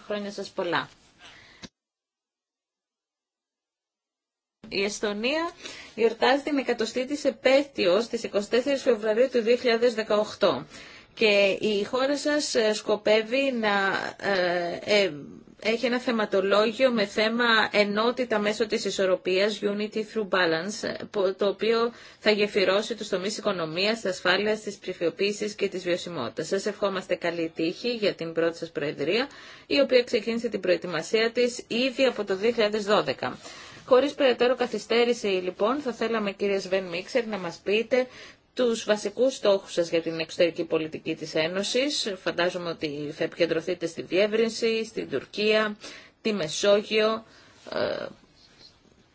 Χρόνια σας πολλά. Η Εστονία γιορτάζει την εκατοστή της επέτειος στις 24 Φεβρουαρίου του 2018 και η χώρα σας ε, σκοπεύει να ε, ε, έχει ένα θεματολόγιο με θέμα ενότητα μέσω της ισορροπίας, unity through balance, το οποίο θα γεφυρώσει τους τομείς οικονομίας, της ασφάλειας, της ψηφιοποίησης και της βιωσιμότητας. Σας ευχόμαστε καλή τύχη για την πρώτη σας προεδρία, η οποία ξεκίνησε την προετοιμασία της ήδη από το 2012. Χωρίς περαιτέρω καθυστέρηση λοιπόν θα θέλαμε κύριε Σβέν Μίξερ να μας πείτε τους βασικούς στόχους σας για την εξωτερική πολιτική της Ένωσης. Φαντάζομαι ότι θα επικεντρωθείτε στη διεύρυνση, στην Τουρκία, τη Μεσόγειο. Ε,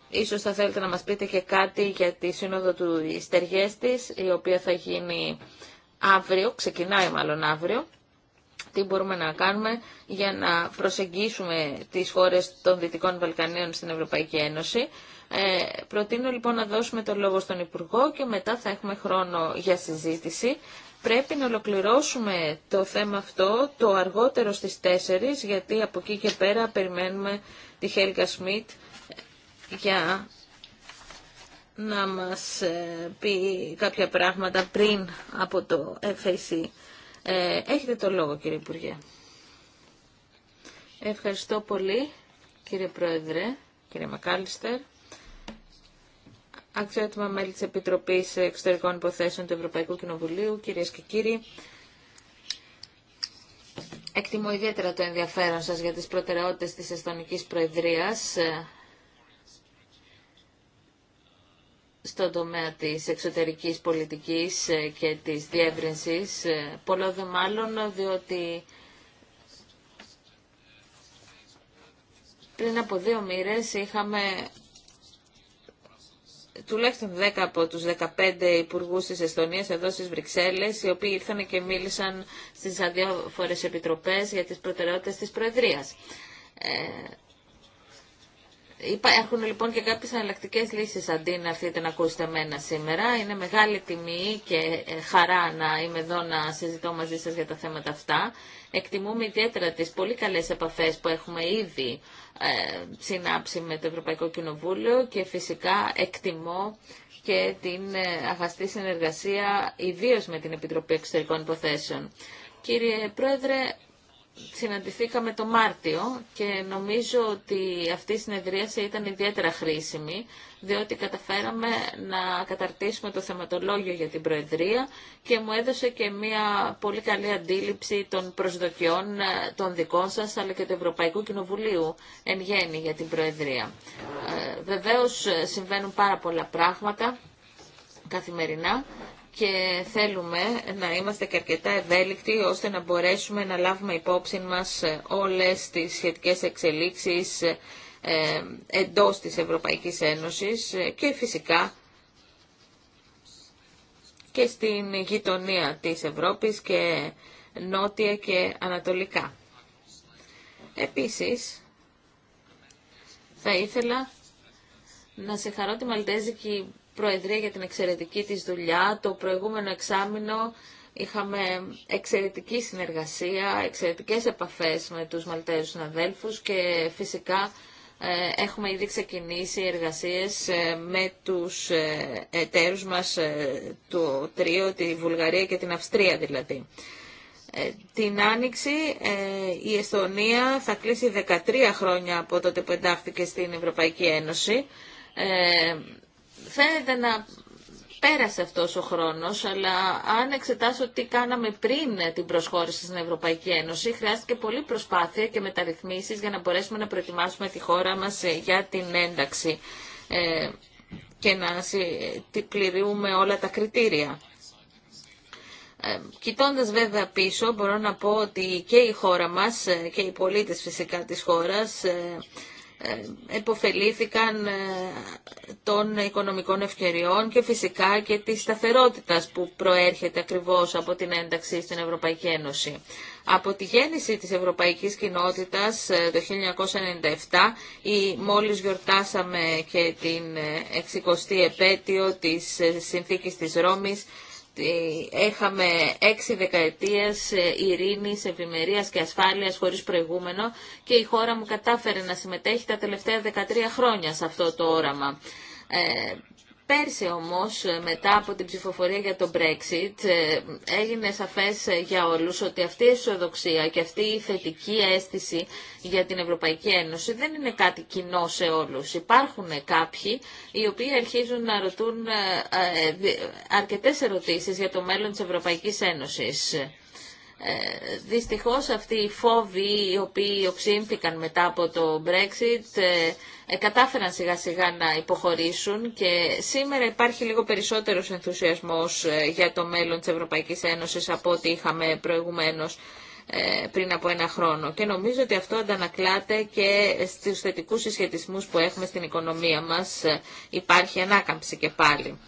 ίσως θα θέλετε να μας πείτε και κάτι για τη σύνοδο του Ιστεργέστης, η οποία θα γίνει αύριο, ξεκινάει μάλλον αύριο. Τι μπορούμε να κάνουμε για να προσεγγίσουμε τις χώρες των Δυτικών Βαλκανίων στην Ευρωπαϊκή Ένωση. Ε, προτείνω λοιπόν να δώσουμε το λόγο στον Υπουργό και μετά θα έχουμε χρόνο για συζήτηση. Πρέπει να ολοκληρώσουμε το θέμα αυτό το αργότερο στις 4, γιατί από εκεί και πέρα περιμένουμε τη Χέλγα Σμιτ για να μας ε, πει κάποια πράγματα πριν από το FAC. Ε, έχετε το λόγο κύριε Υπουργέ. Ευχαριστώ πολύ κύριε Πρόεδρε, κύριε Μακάλιστερ αξιότιμα μέλη της Επιτροπής Εξωτερικών Υποθέσεων του Ευρωπαϊκού Κοινοβουλίου, κυρίες και κύριοι. Εκτιμώ ιδιαίτερα το ενδιαφέρον σας για τις προτεραιότητες της Εσθονικής Προεδρίας ε, στον τομέα της εξωτερικής πολιτικής ε, και της διεύρυνσης, ε, πολλό δε μάλλον διότι πριν από δύο μοίρες είχαμε τουλάχιστον 10 από τους 15 υπουργούς της Εστονίας εδώ στις Βρυξέλλες, οι οποίοι ήρθαν και μίλησαν στις διάφορες επιτροπές για τις προτεραιότητες της Προεδρίας. Ε, Υπάρχουν λοιπόν και κάποιες εναλλακτικέ λύσεις αντί να έρθετε να ακούσετε εμένα σήμερα. Είναι μεγάλη τιμή και ε, χαρά να είμαι εδώ να συζητώ μαζί σας για τα θέματα αυτά. Εκτιμούμε ιδιαίτερα τις πολύ καλές επαφές που έχουμε ήδη ε, συνάψει με το Ευρωπαϊκό Κοινοβούλιο και φυσικά εκτιμώ και την ε, αγαστή συνεργασία ιδίως με την Επιτροπή Εξωτερικών Υποθέσεων. Κύριε Πρόεδρε, συναντηθήκαμε το Μάρτιο και νομίζω ότι αυτή η συνεδρίαση ήταν ιδιαίτερα χρήσιμη, διότι καταφέραμε να καταρτήσουμε το θεματολόγιο για την Προεδρία και μου έδωσε και μια πολύ καλή αντίληψη των προσδοκιών ε, των δικών σας, αλλά και του Ευρωπαϊκού Κοινοβουλίου εν γέννη για την Προεδρία. Ε, βεβαίως ε, συμβαίνουν πάρα πολλά πράγματα καθημερινά και θέλουμε να είμαστε και αρκετά ευέλικτοι ώστε να μπορέσουμε να λάβουμε υπόψη μας ε, όλες τις σχετικές εξελίξεις ε, ε, εντός της Ευρωπαϊκής Ένωσης και φυσικά και στην γειτονία της Ευρώπης και νότια και ανατολικά. Επίσης, θα ήθελα να σε χαρώ τη Μαλτέζικη Προεδρία για την εξαιρετική της δουλειά. Το προηγούμενο εξάμεινο είχαμε εξαιρετική συνεργασία, εξαιρετικές επαφές με τους Μαλτέζους συναδέλφους και φυσικά ε, έχουμε ήδη ξεκινήσει εργασίες ε, με τους ε, εταίρους μας, το τρίο, τη Βουλγαρία και την Αυστρία δηλαδή. Την Άνοιξη η Εστονία θα κλείσει 13 χρόνια από τότε που εντάχθηκε στην Ευρωπαϊκή Ένωση φαίνεται να πέρασε αυτός ο χρόνος, αλλά αν εξετάσω τι κάναμε πριν την προσχώρηση στην Ευρωπαϊκή Ένωση, χρειάστηκε πολλή προσπάθεια και μεταρρυθμίσεις για να μπορέσουμε να προετοιμάσουμε τη χώρα μας ε, για την ένταξη ε, και να πληρούμε όλα τα κριτήρια. Ε, κοιτώντας βέβαια πίσω μπορώ να πω ότι και η χώρα μας και οι πολίτες φυσικά της χώρας ε, εποφελήθηκαν ε, των οικονομικών ευκαιριών και φυσικά και της σταθερότητας που προέρχεται ακριβώς από την ένταξη στην Ευρωπαϊκή Ένωση. Από τη γέννηση της Ευρωπαϊκής Κοινότητας ε, το 1997 ή μόλις γιορτάσαμε και την 60η επέτειο της Συνθήκης της Ρώμης ότι έχαμε έξι δεκαετίες ε, ειρήνης, ευημερίας και ασφάλειας χωρίς προηγούμενο και η χώρα μου κατάφερε να συμμετέχει τα τελευταία 13 χρόνια σε αυτό το όραμα. Ε, Πέρσι όμως, ε, μετά από την ψηφοφορία για το Brexit, ε, έγινε σαφές ε, για όλους ότι αυτή η αισιοδοξία και αυτή η θετική αίσθηση για την Ευρωπαϊκή Ένωση δεν είναι κάτι κοινό σε όλους. Υπάρχουν κάποιοι οι οποίοι αρχίζουν να ρωτούν αρκετές ερωτήσεις για το μέλλον της Ευρωπαϊκής Ένωσης. Ε, δυστυχώς αυτοί οι φόβοι οι οποίοι οξύνθηκαν μετά από το Brexit ε, κατάφεραν σιγά σιγά να υποχωρήσουν και σήμερα υπάρχει λίγο περισσότερος ενθουσιασμός ε, για το μέλλον της Ευρωπαϊκής Ένωσης από ό,τι είχαμε προηγουμένως ε, πριν από ένα χρόνο. Και νομίζω ότι αυτό αντανακλάται και στους θετικούς συσχετισμούς που έχουμε στην οικονομία μας. Υπάρχει ανάκαμψη και πάλι.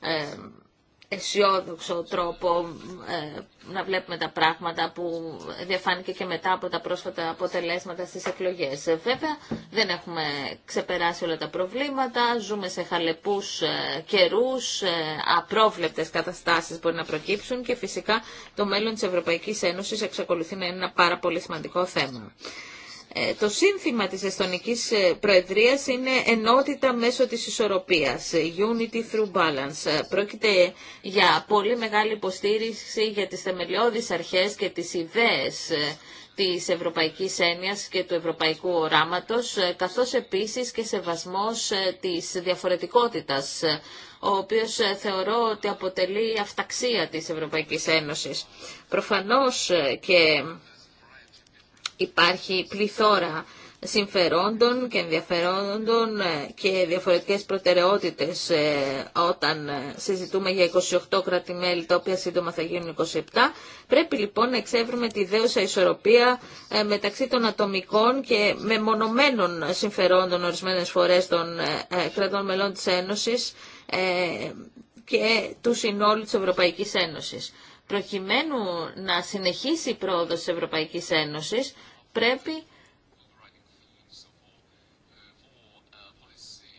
Ε, αισιόδοξο τρόπο ε, να βλέπουμε τα πράγματα που διαφάνηκε και μετά από τα πρόσφατα αποτελέσματα στις εκλογές. Ε, βέβαια δεν έχουμε ξεπεράσει όλα τα προβλήματα, ζούμε σε χαλεπούς ε, καιρούς, ε, απρόβλεπτες καταστάσεις μπορεί να προκύψουν και φυσικά το μέλλον της Ευρωπαϊκής Ένωσης εξακολουθεί να είναι ένα πάρα πολύ σημαντικό θέμα. Ε, το σύνθημα της Εστονικής ε, Προεδρίας είναι ενότητα μέσω της ισορροπίας, unity through balance. Ε, πρόκειται για πολύ μεγάλη υποστήριξη για τις θεμελιώδεις αρχές και τις ιδέες της Ευρωπαϊκής Έννοιας και του Ευρωπαϊκού Οράματος, καθώς επίσης και σεβασμός της διαφορετικότητας, ο οποίος θεωρώ ότι αποτελεί αυταξία της Ευρωπαϊκής Ένωσης. Προφανώς και Υπάρχει πληθώρα συμφερόντων και ενδιαφερόντων ε, και διαφορετικές προτεραιότητες ε, όταν ε, συζητούμε για 28 κράτη-μέλη τα οποία σύντομα θα γίνουν 27. Πρέπει λοιπόν να εξεύρουμε τη δέουσα ισορροπία μεταξύ των ατομικών και μεμονωμένων συμφερόντων ορισμένες φορές των κρατών μελών της Ένωσης και του συνόλου της Ευρωπαϊκής Ένωσης προκειμένου να συνεχίσει η πρόοδος της Ευρωπαϊκής Ένωσης, πρέπει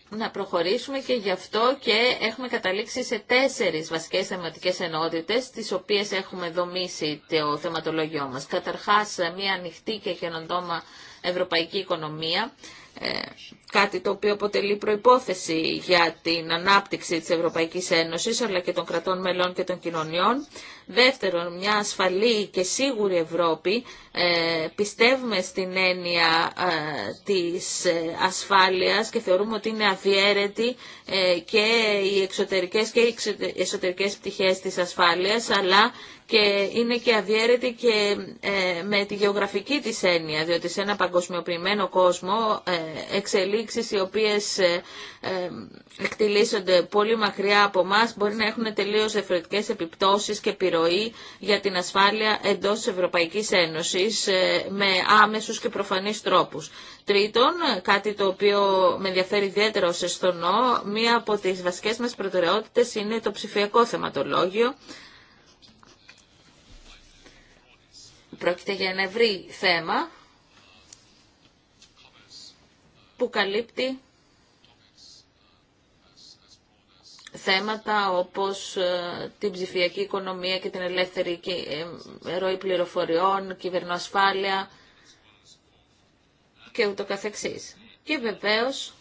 να προχωρήσουμε και γι' αυτό και έχουμε καταλήξει σε τέσσερις βασικές θεματικές ενότητες, τις οποίες έχουμε δομήσει το θεματολόγιό μας. Καταρχάς, μια ανοιχτή και καινοτόμα ευρωπαϊκή οικονομία, ε, κάτι το οποίο αποτελεί προϋπόθεση για την ανάπτυξη της Ευρωπαϊκής Ένωσης αλλά και των κρατών μελών και των κοινωνιών. Δεύτερον, μια ασφαλή και σίγουρη Ευρώπη. Ε, πιστεύουμε στην έννοια ε, της ε, ασφάλειας και θεωρούμε ότι είναι αδιαίρετη και οι εξωτερικές και οι εσωτερικές πτυχές της ασφάλειας αλλά και είναι και αδιέρετη και ε, με τη γεωγραφική της έννοια, διότι σε ένα παγκοσμιοποιημένο κόσμο ε, εξελίξεις οι οποίες ε, εκτιλήσονται πολύ μακριά από εμά μπορεί να έχουν τελείως διαφορετικές επιπτώσεις και επιρροή για την ασφάλεια εντός της Ευρωπαϊκής Ένωσης με άμεσους και προφανείς τρόπους. Τρίτον, κάτι το οποίο με ενδιαφέρει ιδιαίτερα ως εστονό, μία από τις βασικές μας προτεραιότητες είναι το ψηφιακό θεματολόγιο, Πρόκειται για ένα ευρύ θέμα που καλύπτει θέματα όπως ε, την ψηφιακή οικονομία και την ελεύθερη ε, ροή πληροφοριών, κυβερνοασφάλεια και ούτω καθεξής. Και βεβαίως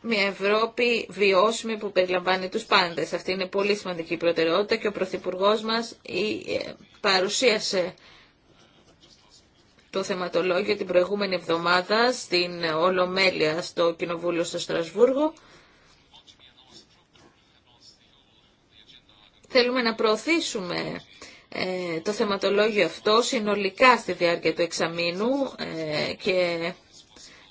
μια Ευρώπη βιώσιμη που περιλαμβάνει τους πάντες. Αυτή είναι πολύ σημαντική προτεραιότητα και ο Πρωθυπουργό μας ε, παρουσίασε το θεματολόγιο την προηγούμενη εβδομάδα στην Ολομέλεια στο Κοινοβούλιο στο Στρασβούργο. Θέλουμε να προωθήσουμε ε, το θεματολόγιο αυτό συνολικά στη διάρκεια του εξαμήνου ε, και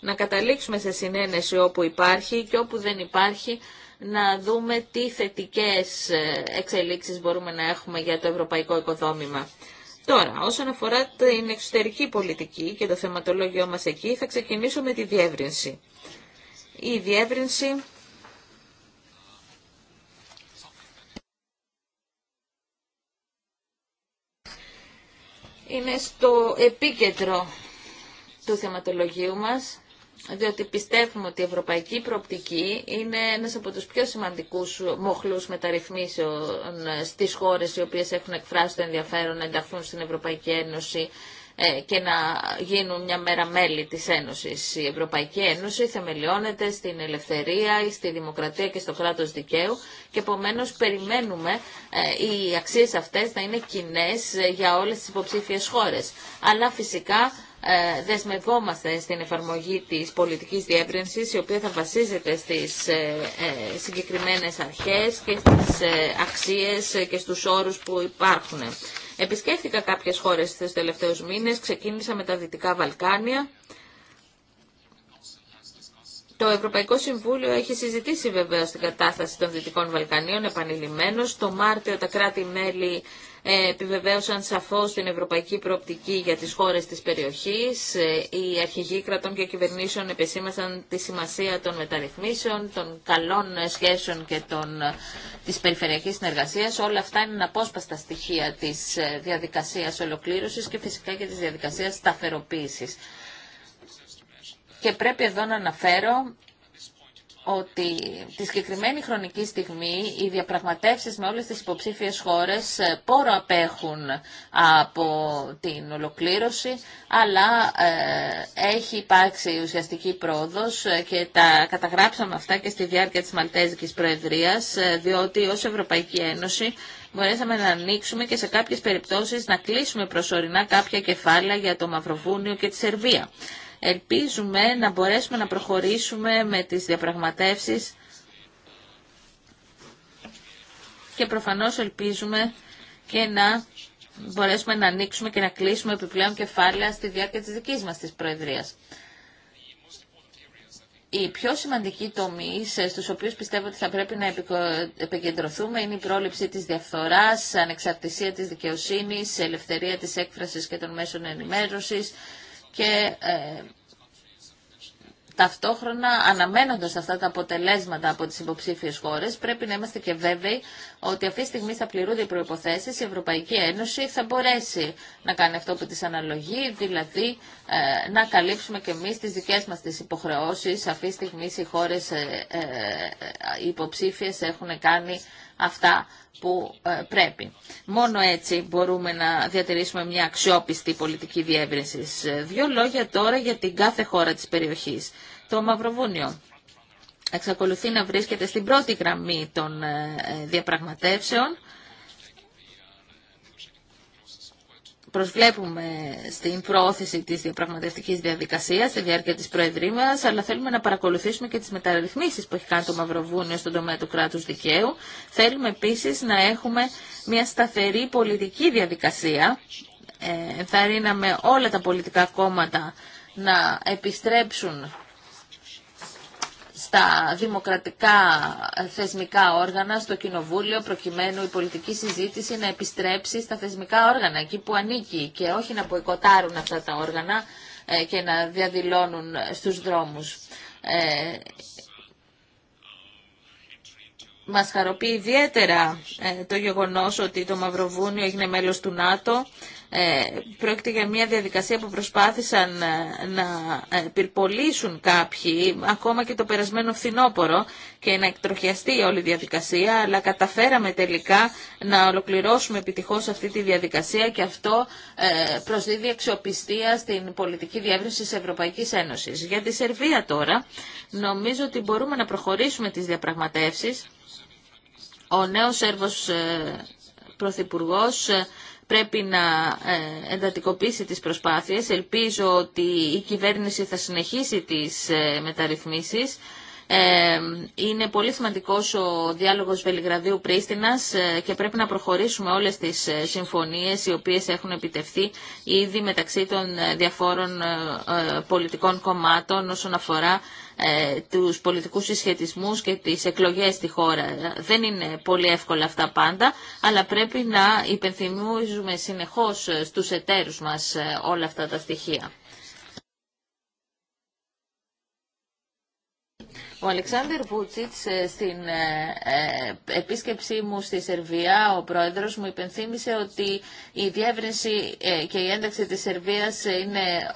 να καταλήξουμε σε συνένεση όπου υπάρχει και όπου δεν υπάρχει να δούμε τι θετικές ε, εξελίξεις μπορούμε να έχουμε για το ευρωπαϊκό οικοδόμημα. Τώρα, όσον αφορά την εξωτερική πολιτική και το θεματολόγιο μας εκεί, θα ξεκινήσω με τη διεύρυνση. Η διεύρυνση είναι στο επίκεντρο του θεματολογίου μας διότι πιστεύουμε ότι η ευρωπαϊκή προοπτική είναι ένας από τους πιο σημαντικούς μοχλούς μεταρρυθμίσεων στις χώρες οι οποίες έχουν εκφράσει το ενδιαφέρον να ενταχθούν στην Ευρωπαϊκή Ένωση ε, και να γίνουν μια μέρα μέλη της Ένωσης. Η Ευρωπαϊκή Ένωση θεμελιώνεται στην ελευθερία, στη δημοκρατία και στο κράτος δικαίου και επομένως περιμένουμε ε, οι αξίες αυτές να είναι κοινέ ε, για όλες τις υποψήφιες χώρες. Αλλά φυσικά ε, δεσμευόμαστε στην εφαρμογή της πολιτικής διεύρυνσης η οποία θα βασίζεται στις ε, ε, συγκεκριμένες αρχές και στις αξίες και στους όρους που υπάρχουν. Επισκέφθηκα κάποιες χώρες στους τελευταίους μήνες, ξεκίνησα με τα Δυτικά Βαλκάνια το Ευρωπαϊκό Συμβούλιο έχει συζητήσει βεβαίω την κατάσταση των Δυτικών Βαλκανίων επανειλημμένω. Το Μάρτιο τα κράτη-μέλη ε, επιβεβαίωσαν σαφώ την ευρωπαϊκή προοπτική για τις χώρες της περιοχής. Ε, οι αρχηγοί κρατών και κυβερνήσεων επεσήμασαν τη σημασία των μεταρρυθμίσεων, των καλών σχέσεων και ε, τη περιφερειακή συνεργασία. Όλα αυτά είναι απόσπαστα στοιχεία τη διαδικασία ολοκλήρωση και φυσικά και τη διαδικασία σταθεροποίηση. Και πρέπει εδώ να αναφέρω ότι τη συγκεκριμένη χρονική στιγμή οι διαπραγματεύσεις με όλες τις υποψήφιες χώρες ε, πόρο απέχουν από την ολοκλήρωση, αλλά ε, έχει υπάρξει ουσιαστική πρόοδος ε, και τα καταγράψαμε αυτά και στη διάρκεια της Μαλτέζικης Προεδρίας, διότι ως Ευρωπαϊκή Ένωση μπορέσαμε να ανοίξουμε και σε κάποιες περιπτώσεις να κλείσουμε προσωρινά κάποια κεφάλαια για το Μαυροβούνιο και τη Σερβία. Ελπίζουμε να μπορέσουμε να προχωρήσουμε με τις διαπραγματεύσεις και προφανώς ελπίζουμε και να μπορέσουμε να ανοίξουμε και να κλείσουμε επιπλέον κεφάλαια στη διάρκεια της δικής μας της Προεδρίας. Οι πιο σημαντικοί τομείς στους οποίους πιστεύω ότι θα πρέπει να επικεντρωθούμε είναι η πρόληψη της διαφθοράς, ανεξαρτησία της δικαιοσύνης, ελευθερία της έκφρασης και των μέσων ενημέρωσης, και ε, ταυτόχρονα αναμένοντας αυτά τα αποτελέσματα από τις υποψήφιες χώρες πρέπει να είμαστε και βέβαιοι ότι αυτή τη στιγμή θα πληρούνται οι προϋποθέσεις η Ευρωπαϊκή Ένωση θα μπορέσει να κάνει αυτό που της αναλογεί δηλαδή ε, να καλύψουμε και εμείς τις δικές μας τις υποχρεώσεις αυτή τη στιγμή οι χώρες ε, ε υποψήφιες έχουν κάνει αυτά που ε, πρέπει. Μόνο έτσι μπορούμε να διατηρήσουμε μια αξιόπιστη πολιτική διεύρυνση. Δύο λόγια τώρα για την κάθε χώρα της περιοχής. Το Μαυροβούνιο εξακολουθεί να βρίσκεται στην πρώτη γραμμή των ε, ε, διαπραγματεύσεων προσβλέπουμε στην πρόθεση της διαπραγματευτικής διαδικασίας στη διάρκεια της Προεδρή αλλά θέλουμε να παρακολουθήσουμε και τις μεταρρυθμίσεις που έχει κάνει το Μαυροβούνιο στον τομέα του κράτους δικαίου. Θέλουμε επίσης να έχουμε μια σταθερή πολιτική διαδικασία. Ε, θα όλα τα πολιτικά κόμματα να επιστρέψουν στα δημοκρατικά θεσμικά όργανα, στο Κοινοβούλιο, προκειμένου η πολιτική συζήτηση να επιστρέψει στα θεσμικά όργανα, εκεί που ανήκει και όχι να ποικοτάρουν αυτά τα όργανα ε, και να διαδηλώνουν στους δρόμους. Ε, μας χαροποιεί ιδιαίτερα ε, το γεγονός ότι το Μαυροβούνιο έγινε μέλος του ΝΑΤΟ ε, πρόκειται για μια διαδικασία που προσπάθησαν ε, να ε, πυρπολίσουν κάποιοι ακόμα και το περασμένο φθινόπωρο και να εκτροχιαστεί όλη η διαδικασία αλλά καταφέραμε τελικά να ολοκληρώσουμε επιτυχώς αυτή τη διαδικασία και αυτό προσδίδει αξιοπιστία στην πολιτική διεύρυνση της Ευρωπαϊκής Ένωσης. Για τη Σερβία τώρα νομίζω ότι μπορούμε να προχωρήσουμε τις διαπραγματεύσεις. Ο νέος Σέρβος Πρωθυπουργός πρέπει να ε, εντατικοποιήσει τις προσπάθειες. Ελπίζω ότι η κυβέρνηση θα συνεχίσει τις ε, μεταρρυθμίσεις. Ε, είναι πολύ σημαντικός ο διάλογος Βελιγραδίου-Πρίστινας και πρέπει να προχωρήσουμε όλες τις συμφωνίες οι οποίες έχουν επιτευχθεί, ήδη μεταξύ των διαφόρων πολιτικών κομμάτων όσον αφορά ε, τους πολιτικούς συσχετισμούς και τις εκλογές στη χώρα. Δεν είναι πολύ εύκολα αυτά πάντα, αλλά πρέπει να υπενθυμίζουμε συνεχώς στους εταίρους μας ε, όλα αυτά τα στοιχεία. Ο Αλεξάνδρ Βούτσιτς ε, στην επίσκεψή μου στη Σερβία, ο πρόεδρος μου υπενθύμησε ότι η διεύρυνση και η ένταξη της Σερβίας είναι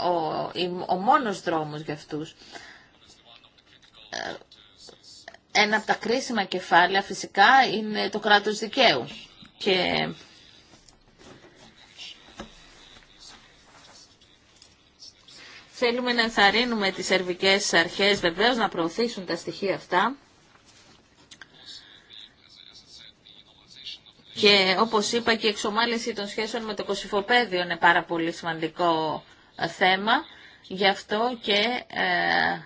ο, ο μόνος δρόμος για αυτούς ένα από τα κρίσιμα κεφάλαια φυσικά είναι το κράτος δικαίου. Και θέλουμε να ενθαρρύνουμε τις ερβικές αρχές βεβαίως να προωθήσουν τα στοιχεία αυτά. Και όπως είπα και η εξομάλυνση των σχέσεων με το κοσυφοπαίδιο είναι πάρα πολύ σημαντικό θέμα. Γι' αυτό και ε,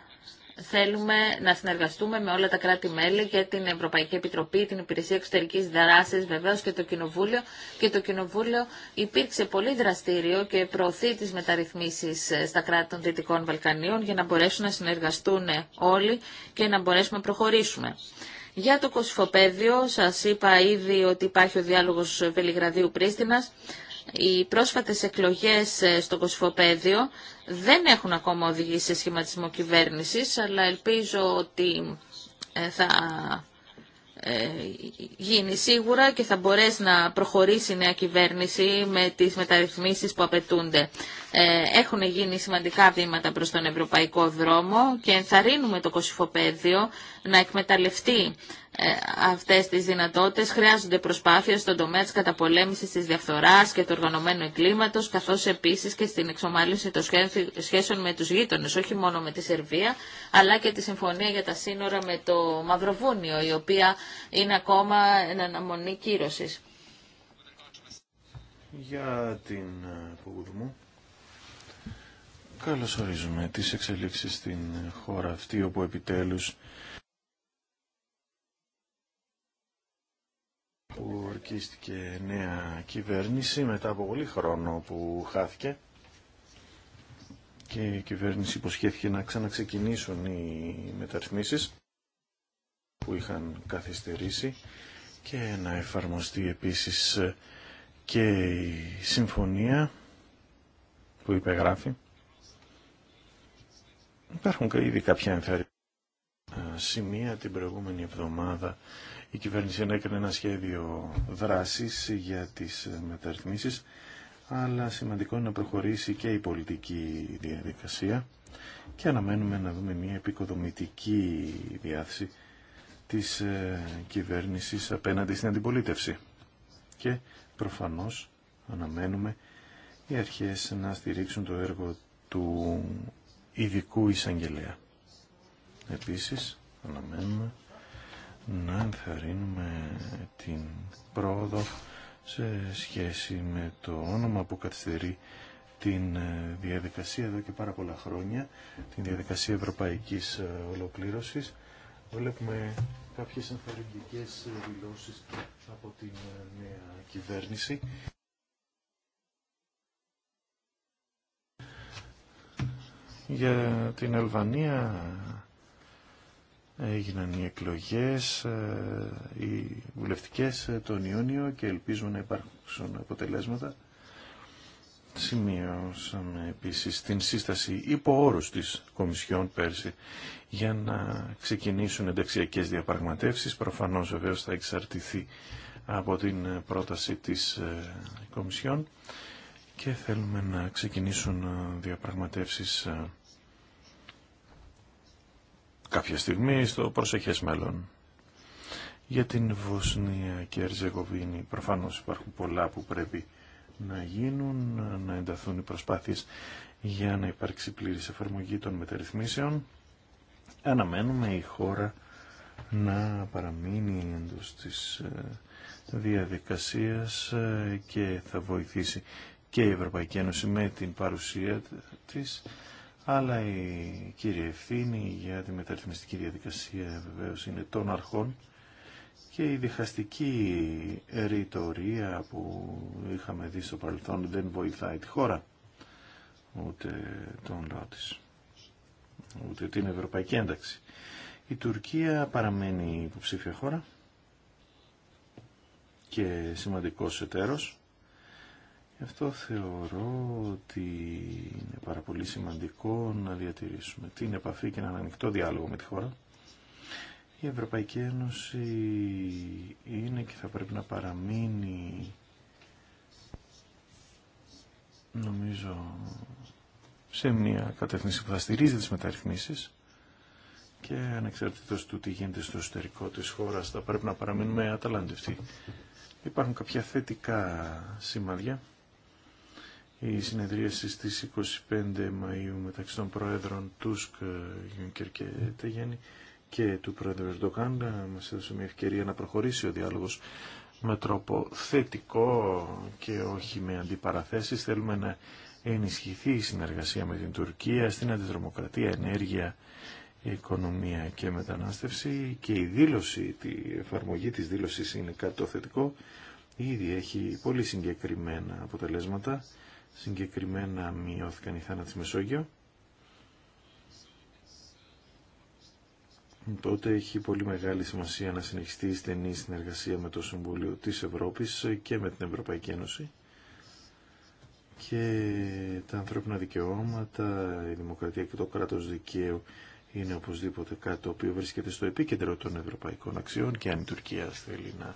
θέλουμε να συνεργαστούμε με όλα τα κράτη-μέλη και την Ευρωπαϊκή Επιτροπή, την Υπηρεσία Εξωτερικής Δράσης, βεβαίως και το Κοινοβούλιο. Και το Κοινοβούλιο υπήρξε πολύ δραστήριο και προωθεί τις μεταρρυθμίσεις ε, στα κράτη των Δυτικών Βαλκανίων για να μπορέσουν να συνεργαστούν όλοι και να μπορέσουμε να προχωρήσουμε. Για το κοσφοπέδιο σας είπα ήδη ότι υπάρχει ο διάλογος Βελιγραδίου Πρίστινας οι πρόσφατες εκλογές ε, στο Κοσφοπέδιο δεν έχουν ακόμα οδηγήσει σε σχηματισμό κυβέρνησης, αλλά ελπίζω ότι ε, θα ε, γίνει σίγουρα και θα μπορέσει να προχωρήσει η νέα κυβέρνηση με τις μεταρρυθμίσεις που απαιτούνται. Έχουν γίνει σημαντικά βήματα προς τον ευρωπαϊκό δρόμο και ενθαρρύνουμε το κοσυφοπαίδιο να εκμεταλλευτεί ε, αυτές τις δυνατότητες χρειάζονται προσπάθειες στον τομέα της καταπολέμησης της διαφθοράς και του οργανωμένου εγκλήματος καθώς επίσης και στην εξομάλυνση των σχέσεων με τους γείτονες όχι μόνο με τη Σερβία αλλά και τη συμφωνία για τα σύνορα με το Μαυροβούνιο η οποία είναι ακόμα εν αναμονή κύρωσης. Για την ε, Πογουδμού. Καλώς ορίζουμε τις εξελίξεις στην χώρα αυτή όπου επιτέλους που ορκίστηκε νέα κυβέρνηση μετά από πολύ χρόνο που χάθηκε και η κυβέρνηση υποσχέθηκε να ξαναξεκινήσουν οι μεταρρυθμίσεις που είχαν καθυστερήσει και να εφαρμοστεί επίσης και η συμφωνία που υπεγράφει. Υπάρχουν ήδη κάποια ενθαρρύνματα ε, σημεία την προηγούμενη εβδομάδα η κυβέρνηση έκανε ένα σχέδιο δράσης για τις μεταρρυθμίσεις αλλά σημαντικό είναι να προχωρήσει και η πολιτική διαδικασία και αναμένουμε να δούμε μια επικοδομητική διάθεση της ε, κυβέρνησης απέναντι στην αντιπολίτευση. Και προφανώς αναμένουμε οι αρχές να στηρίξουν το έργο του ειδικού εισαγγελέα. Επίσης, αναμένουμε να ενθαρρύνουμε την πρόοδο σε σχέση με το όνομα που καθυστερεί την ε, διαδικασία εδώ και πάρα πολλά χρόνια, την διαδικασία ευρωπαϊκής ε, ολοκλήρωσης. Βλέπουμε κάποιες ενθαρρυντικές ε, δηλώσεις από την νέα κυβέρνηση. Για την Αλβανία έγιναν οι εκλογές, ε, οι βουλευτικές ε, τον Ιούνιο και ελπίζουμε να υπάρξουν αποτελέσματα. Σημειώσαμε επίσης την σύσταση υπό όρους της Κομισιόν πέρσι για να ξεκινήσουν ενταξιακές διαπραγματεύσεις. Προφανώς βεβαίω θα εξαρτηθεί από την πρόταση της ε, Κομισιόν και θέλουμε να ξεκινήσουν διαπραγματεύσεις κάποια στιγμή στο προσεχές μέλλον. Για την Βοσνία και Ερζεγοβίνη προφανώς υπάρχουν πολλά που πρέπει να γίνουν, να ενταθούν οι προσπάθειες για να υπάρξει πλήρης εφαρμογή των μεταρρυθμίσεων. Αναμένουμε η χώρα να παραμείνει εντός της ε, διαδικασίας ε, και θα βοηθήσει και η Ευρωπαϊκή Ένωση με την παρουσία της αλλά η κύρια ευθύνη για τη μεταρρυθμιστική διαδικασία βεβαίως είναι των αρχών και η διχαστική ρητορία που είχαμε δει στο παρελθόν δεν βοηθάει τη χώρα ούτε τον λαό ούτε την ευρωπαϊκή ένταξη. Η Τουρκία παραμένει υποψήφια χώρα και σημαντικός εταίρος Γι' αυτό θεωρώ ότι είναι πάρα πολύ σημαντικό να διατηρήσουμε την επαφή και έναν ανοιχτό διάλογο με τη χώρα. Η Ευρωπαϊκή Ένωση είναι και θα πρέπει να παραμείνει νομίζω σε μια κατεύθυνση που θα στηρίζει τις μεταρρυθμίσεις και ανεξαρτήτως του τι γίνεται στο εσωτερικό της χώρας θα πρέπει να παραμείνουμε αταλαντευτοί. Υπάρχουν κάποια θετικά σημάδια η συνεδρίαση στις 25 Μαΐου μεταξύ των Προέδρων Τούσκ, ε, Γιούνκερ και Τεγέννη και του Πρόεδρου Ερντοκάν μας έδωσε μια ευκαιρία να προχωρήσει ο διάλογος με τρόπο θετικό και όχι με αντιπαραθέσεις. Θέλουμε να ενισχυθεί η συνεργασία με την Τουρκία στην αντιδρομοκρατία, ενέργεια, οικονομία και μετανάστευση και η δήλωση, η εφαρμογή της δήλωσης είναι κάτι το θετικό. Ήδη έχει πολύ συγκεκριμένα αποτελέσματα συγκεκριμένα μειώθηκαν οι θάνατοι στη Μεσόγειο. Τότε έχει πολύ μεγάλη σημασία να συνεχιστεί η στενή συνεργασία με το Συμβούλιο της Ευρώπης και με την Ευρωπαϊκή Ένωση και τα ανθρώπινα δικαιώματα, η δημοκρατία και το κράτος δικαίου είναι οπωσδήποτε κάτι το οποίο βρίσκεται στο επίκεντρο των ευρωπαϊκών αξιών και αν η Τουρκία θέλει να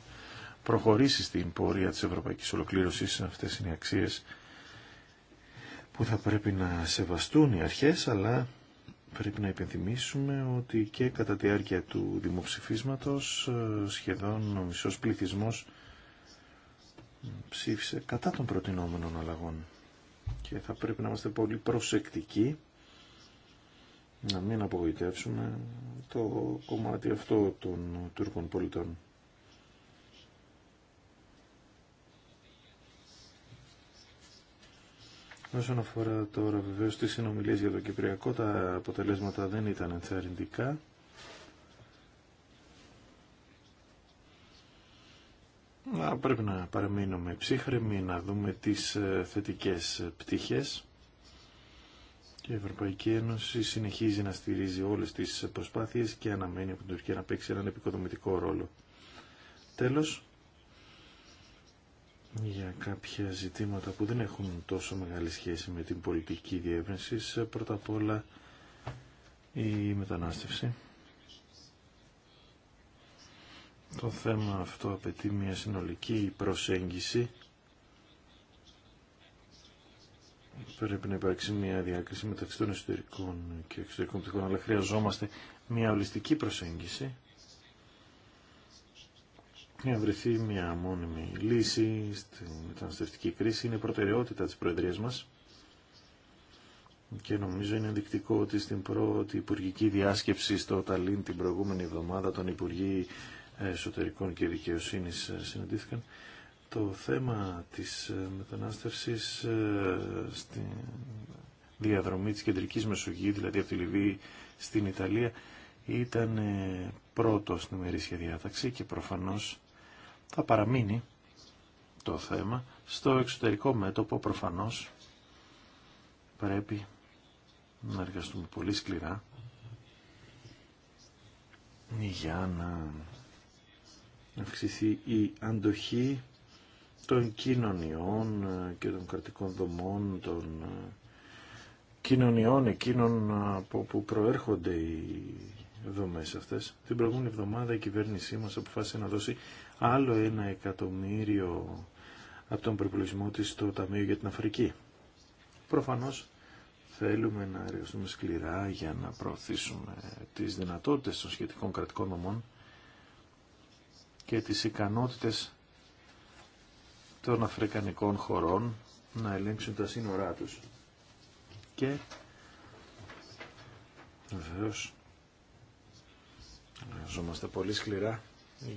προχωρήσει στην πορεία της ευρωπαϊκής ολοκλήρωσης αυτές είναι οι αξίες που θα πρέπει να σεβαστούν οι αρχές, αλλά πρέπει να υπενθυμίσουμε ότι και κατά τη διάρκεια του δημοψηφίσματος ε, σχεδόν ο μισός πληθυσμός ψήφισε κατά των προτινόμενων αλλαγών. Και θα πρέπει να είμαστε πολύ προσεκτικοί να μην απογοητεύσουμε το κομμάτι αυτό των Τούρκων πολιτών. Όσον αφορά τώρα βεβαίως τις συνομιλίες για το Κυπριακό, τα αποτελέσματα δεν ήταν ενθαρρυντικά. Να, πρέπει να παραμείνουμε ψύχρεμοι, να δούμε τις ε, θετικές πτυχές. Και η Ευρωπαϊκή Ένωση συνεχίζει να στηρίζει όλες τις προσπάθειες και αναμένει από την Τουρκία να παίξει έναν επικοδομητικό ρόλο. Τέλος, για κάποια ζητήματα που δεν έχουν τόσο μεγάλη σχέση με την πολιτική διεύρυνση. Πρώτα απ' όλα η μετανάστευση. Το θέμα αυτό απαιτεί μια συνολική προσέγγιση. Πρέπει να υπάρξει μια διάκριση μεταξύ των εσωτερικών και εξωτερικών πτυχών, αλλά χρειαζόμαστε μια ολιστική προσέγγιση να βρεθεί μια μόνιμη λύση στην μεταναστευτική κρίση. Είναι προτεραιότητα της Προεδρίας μας και νομίζω είναι ενδεικτικό ότι στην πρώτη υπουργική διάσκεψη στο Ταλίν την προηγούμενη εβδομάδα των Υπουργοί Εσωτερικών και Δικαιοσύνης συναντήθηκαν το θέμα της μετανάστευσης ε, στη διαδρομή της κεντρικής Μεσογείου, δηλαδή από τη Λιβύη στην Ιταλία, ήταν ε, πρώτο στην ημερήσια διάταξη και προφανώς θα παραμείνει το θέμα στο εξωτερικό μέτωπο προφανώς πρέπει να εργαστούμε πολύ σκληρά για να αυξηθεί η αντοχή των κοινωνιών και των κρατικών δομών, των κοινωνιών εκείνων από που προέρχονται οι δομές αυτές. Την προηγούμενη εβδομάδα η κυβέρνησή μας αποφάσισε να δώσει άλλο ένα εκατομμύριο από τον προπολογισμό της στο Ταμείο για την Αφρική. Προφανώς θέλουμε να εργαστούμε σκληρά για να προωθήσουμε τις δυνατότητες των σχετικών κρατικών νομών και τις ικανότητες των αφρικανικών χωρών να ελέγξουν τα σύνορά τους. Και βεβαίω εργαζόμαστε πολύ σκληρά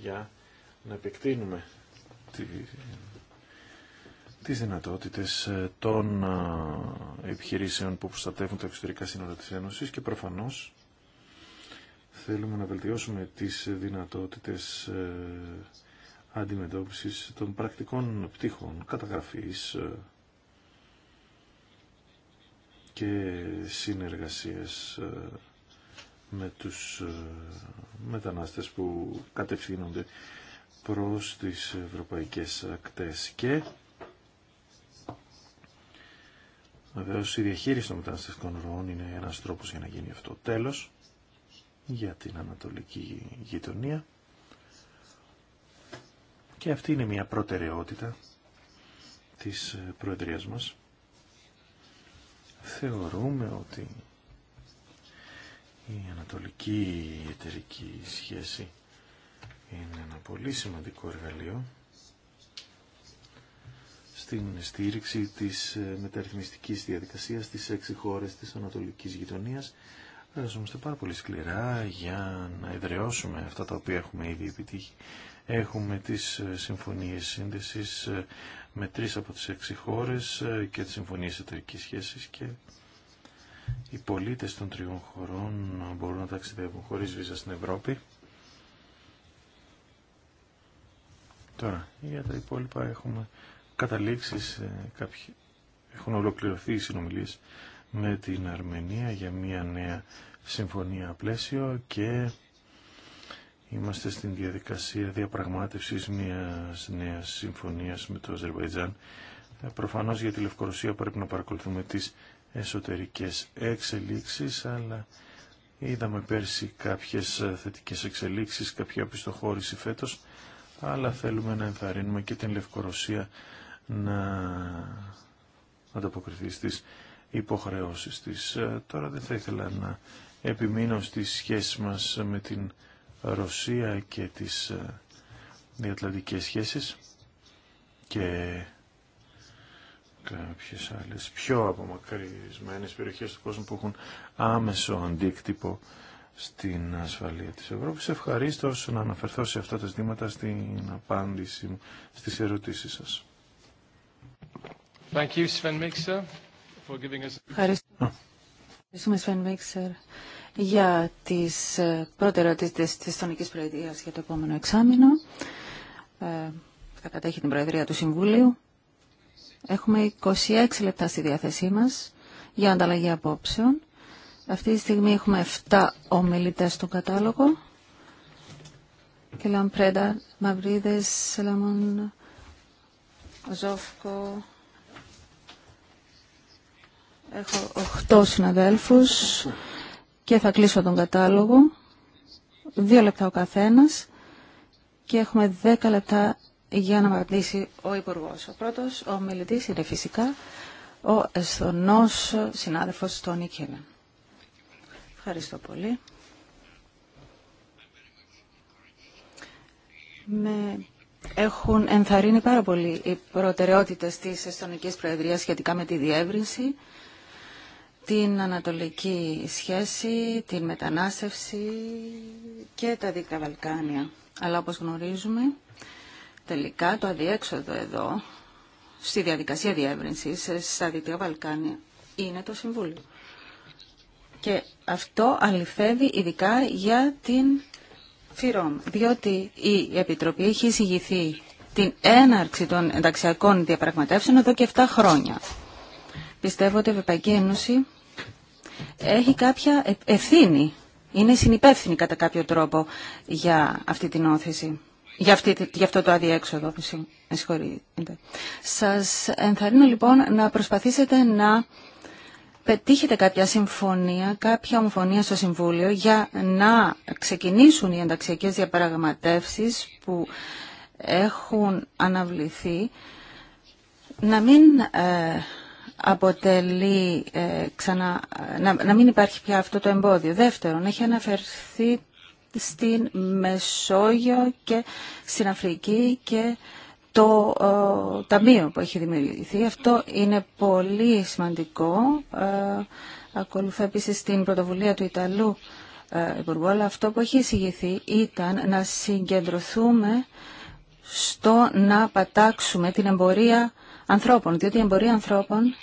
για να επεκτείνουμε τις δυνατότητες ε, των ε, επιχειρήσεων που προστατεύουν τα εξωτερικά σύνορα της Ένωσης και προφανώς θέλουμε να βελτιώσουμε τις δυνατότητες ε, αντιμετώπισης των πρακτικών πτύχων, καταγραφής και συνεργασίες με τους μετανάστες που κατευθύνονται προς τις ευρωπαϊκές ακτές και Βεβαίω η διαχείριση των μεταναστευτικών ροών είναι ένας τρόπος για να γίνει αυτό. Τέλος, για την ανατολική γειτονία. Και αυτή είναι μια προτεραιότητα της Προεδρίας μας. Θεωρούμε ότι η ανατολική εταιρική σχέση είναι ένα πολύ σημαντικό εργαλείο στην στήριξη της ε, μεταρρυθμιστικής διαδικασίας στις έξι χώρες της Ανατολικής Γειτονίας. Εργαζόμαστε πάρα πολύ σκληρά για να εδραιώσουμε αυτά τα οποία έχουμε ήδη επιτύχει. Έχουμε τις ε, συμφωνίες σύνδεσης ε, με τρεις από τις έξι χώρες και τις συμφωνίες εταιρικής σχέσης και οι πολίτες των τριών χωρών μπορούν να ταξιδεύουν χωρίς βίζα στην Ευρώπη Τώρα, για τα υπόλοιπα έχουμε καταλήξει κάποιοι... Έχουν ολοκληρωθεί οι συνομιλίες με την Αρμενία για μια νέα συμφωνία πλαίσιο και είμαστε στην διαδικασία διαπραγμάτευσης μιας νέας συμφωνίας με το Αζερβαϊτζάν. Ε, προφανώς για τη Λευκορωσία πρέπει να παρακολουθούμε τις εσωτερικές εξελίξεις, αλλά είδαμε πέρσι κάποιες ε, θετικές εξελίξεις, κάποια πιστοχώρηση φέτος αλλά θέλουμε να ενθαρρύνουμε και την Λευκορωσία να ανταποκριθεί στις υποχρεώσεις της. Ε, τώρα δεν θα ήθελα να επιμείνω στις σχέσεις μας με την Ρωσία και τις ε, διατλαντικές σχέσεις και κάποιες άλλες πιο απομακρυσμένες περιοχές του κόσμου που έχουν άμεσο αντίκτυπο στην ασφαλεία της Ευρώπης. Ευχαρίστω να αναφερθώ σε αυτά τα ζητήματα στην απάντηση στις ερωτήσεις σας. Ευχαριστούμε, Sven Mixer, για τις ε, ερωτήσεις της Τονικής Προεδρίας για το επόμενο εξάμεινο. Ε, θα κατέχει την Προεδρία του Συμβούλιου. Έχουμε 26 λεπτά στη διάθεσή μας για ανταλλαγή απόψεων. Αυτή τη στιγμή έχουμε 7 ομιλητέ στον κατάλογο. Και Πρέντα, Μαυρίδες, Σελαμόν, Ζόφκο. Έχω 8 συναδέλφους και θα κλείσω τον κατάλογο. Δύο λεπτά ο καθένας και έχουμε 10 λεπτά για να απαντήσει ο υπουργό. Ο πρώτος, ομιλητή είναι φυσικά ο εσθονό συνάδελφο Τόνι Κίλεν. Ευχαριστώ πολύ. Με έχουν ενθαρρύνει πάρα πολύ οι προτεραιότητες της Εστονικής Προεδρίας σχετικά με τη διεύρυνση, την ανατολική σχέση, την μετανάστευση και τα Δίκτυα Βαλκάνια. Αλλά όπως γνωρίζουμε, τελικά το αδιέξοδο εδώ, στη διαδικασία διεύρυνσης στα Δίκτυα Βαλκάνια, είναι το Συμβούλιο. Και αυτό αληθεύει ειδικά για την ΦΥΡΟΜ, διότι η Επιτροπή έχει εισηγηθεί την έναρξη των ενταξιακών διαπραγματεύσεων εδώ και 7 χρόνια. Πιστεύω ότι η Ευρωπαϊκή Ένωση έχει κάποια ευθύνη, είναι συνυπεύθυνη κατά κάποιο τρόπο για αυτή την όθηση. Για, αυτό το αδιέξοδο, με συγχωρείτε. Σας ενθαρρύνω λοιπόν να προσπαθήσετε να πετύχετε κάποια συμφωνία, κάποια ομφωνία στο Συμβούλιο για να ξεκινήσουν οι ενταξιακές διαπραγματεύσεις που έχουν αναβληθεί, να μην ε, αποτελεί ε, ξανά, να, μην υπάρχει πια αυτό το εμπόδιο. Δεύτερον, έχει αναφερθεί στην Μεσόγειο και στην Αφρική και το ε, ταμείο που έχει δημιουργηθεί. Αυτό είναι πολύ σημαντικό. Ε, ακολουθώ επίση την πρωτοβουλία του Ιταλού ε, Υπουργού, αλλά αυτό που έχει εισηγηθεί ήταν να συγκεντρωθούμε στο να πατάξουμε την εμπορία ανθρώπων, διότι η εμπορία ανθρώπων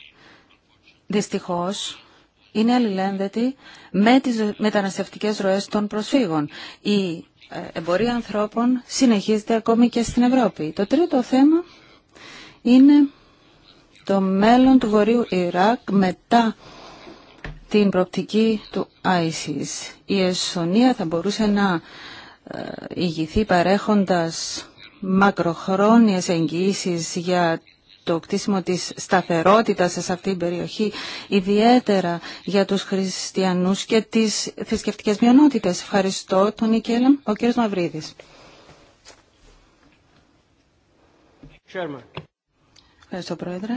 δυστυχώς είναι αλληλένδετη με τις μεταναστευτικές ροές των προσφύγων. Η εμπορία ανθρώπων συνεχίζεται ακόμη και στην Ευρώπη. Το τρίτο θέμα είναι το μέλλον του Βορείου Ιράκ μετά την προπτική του ISIS. Η Εσσονία θα μπορούσε να ε, ηγηθεί παρέχοντας μακροχρόνιες εγγυήσεις για το κτίσιμο της σταθερότητας σε αυτή την περιοχή, ιδιαίτερα για τους χριστιανούς και τις θρησκευτικές μειονότητες. Ευχαριστώ τον Νικέλα, ο κύριος Μαυρίδης. Ευχαριστώ, Πρόεδρε.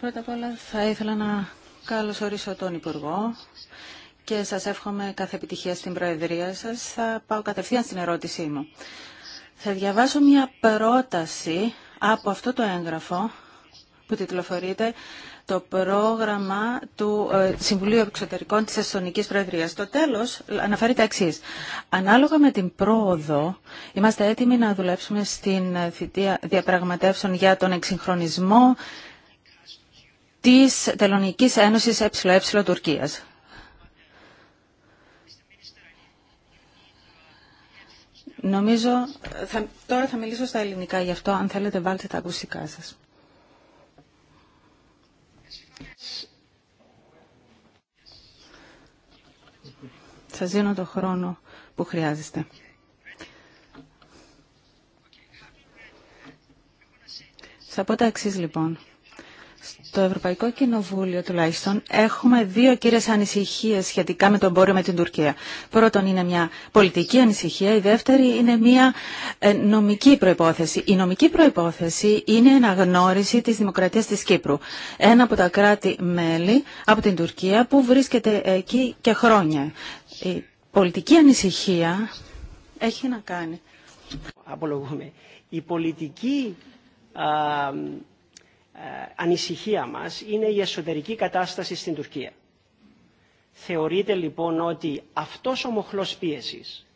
Πρώτα απ' όλα θα ήθελα να καλωσορίσω τον Υπουργό και σας εύχομαι κάθε επιτυχία στην Προεδρία σας. Θα πάω κατευθείαν στην ερώτησή μου. Θα διαβάσω μια πρόταση από αυτό το έγγραφο που τιτλοφορείται το πρόγραμμα του ε, Συμβουλίου Εξωτερικών της Εσθονικής Προεδρίας. Το τέλος αναφέρει τα εξή. Ανάλογα με την πρόοδο, είμαστε έτοιμοι να δουλέψουμε στην ε, θητεία διαπραγματεύσεων για τον εξυγχρονισμό της Τελωνικής Ένωσης ΕΕ Τουρκίας. Νομίζω, τώρα θα μιλήσω στα ελληνικά, γι' αυτό αν θέλετε βάλτε τα ακουστικά σας. Σας δίνω το χρόνο που χρειάζεστε. Θα πω τα εξής λοιπόν. Στο Ευρωπαϊκό Κοινοβούλιο τουλάχιστον έχουμε δύο κύριες ανησυχίες σχετικά με τον εμπόριο με την Τουρκία. Πρώτον είναι μια πολιτική ανησυχία, η δεύτερη είναι μια ε, νομική προϋπόθεση. Η νομική προϋπόθεση είναι η αναγνώριση της δημοκρατίας της Κύπρου. Ένα από τα κράτη-μέλη από την Τουρκία που βρίσκεται εκεί και χρόνια. Η πολιτική ανησυχία έχει να κάνει. Απολογούμε. Η πολιτική α, ε, ανησυχία μας είναι η εσωτερική κατάσταση στην Τουρκία. Θεωρείτε λοιπόν ότι αυτός ο μοχλός πίεσης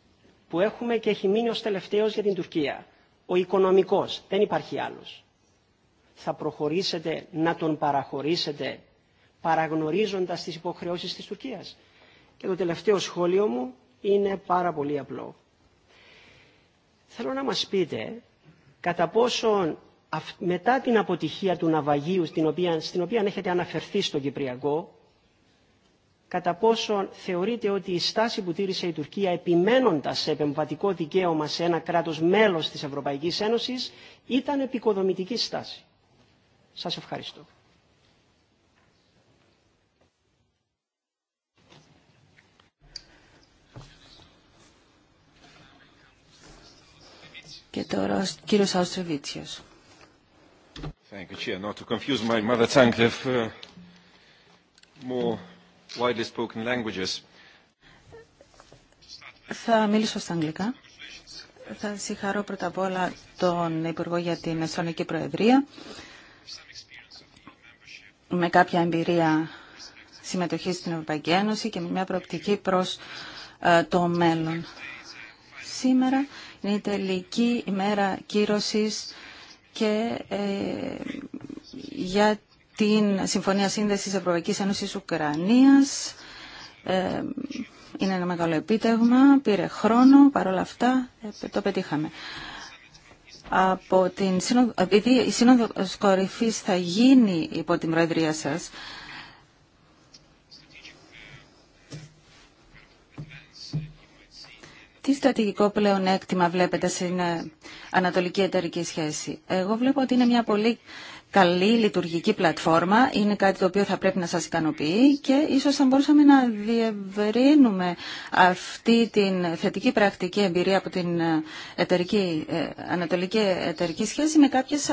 που έχουμε και έχει μείνει ως τελευταίος για την Τουρκία, ο οικονομικός, δεν υπάρχει άλλος, θα προχωρήσετε να τον παραχωρήσετε παραγνωρίζοντας τις υποχρεώσεις της Τουρκίας. Και το τελευταίο σχόλιο μου είναι πάρα πολύ απλό. Θέλω να μας πείτε κατά πόσον μετά την αποτυχία του ναυαγίου στην οποία, στην οποία έχετε αναφερθεί στον Κυπριακό, κατά πόσο θεωρείτε ότι η στάση που τήρησε η Τουρκία επιμένοντας σε επεμβατικό δικαίωμα σε ένα κράτος μέλος της Ευρωπαϊκής Ένωσης ήταν επικοδομητική στάση. Σας ευχαριστώ. Και τώρα ο κύριος Αουστρεβίτσιος. Θα μιλήσω στα αγγλικά. Θα συγχαρώ πρώτα απ' όλα τον Υπουργό για την Εσθονική Προεδρία με κάποια εμπειρία συμμετοχής στην Ευρωπαϊκή Ένωση και με μια προοπτική προς ε, το μέλλον. Σήμερα είναι η τελική ημέρα κύρωσης και ε, για την Συμφωνία Σύνδεσης Ευρωπαϊκής Ένωσης Ουκρανίας. Ε, είναι ένα μεγάλο επίτευγμα, πήρε χρόνο, παρόλα αυτά ε, το πετύχαμε. Από την, επειδή η Σύνοδος Κορυφής θα γίνει υπό την Προεδρία σας, Τι στρατηγικό πλεονέκτημα βλέπετε στην ε, ανατολική εταιρική σχέση. Εγώ βλέπω ότι είναι μια πολύ καλή λειτουργική πλατφόρμα. Είναι κάτι το οποίο θα πρέπει να σας ικανοποιεί και ίσως θα μπορούσαμε να διευρύνουμε αυτή την θετική πρακτική εμπειρία από την ε, εταιρική, ε, ανατολική εταιρική σχέση με κάποιες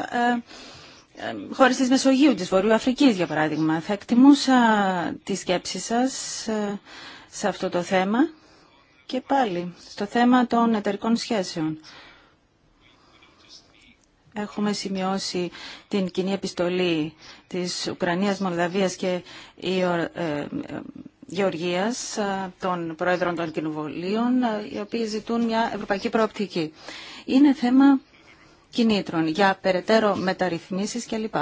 χώρε τη Μεσογείου, της Βορείου για παράδειγμα. Θα εκτιμούσα τη σκέψη σας σε αυτό το θέμα. Και πάλι, στο θέμα των εταιρικών σχέσεων. Έχουμε σημειώσει την κοινή επιστολή της Ουκρανίας, Μολδαβίας και ε, ε, Γεωργίας ε, των Πρόεδρων των κοινοβολίων οι οποίοι ζητούν μια ευρωπαϊκή προοπτική. Είναι θέμα κινήτρων για περαιτέρω μεταρρυθμίσεις κλπ.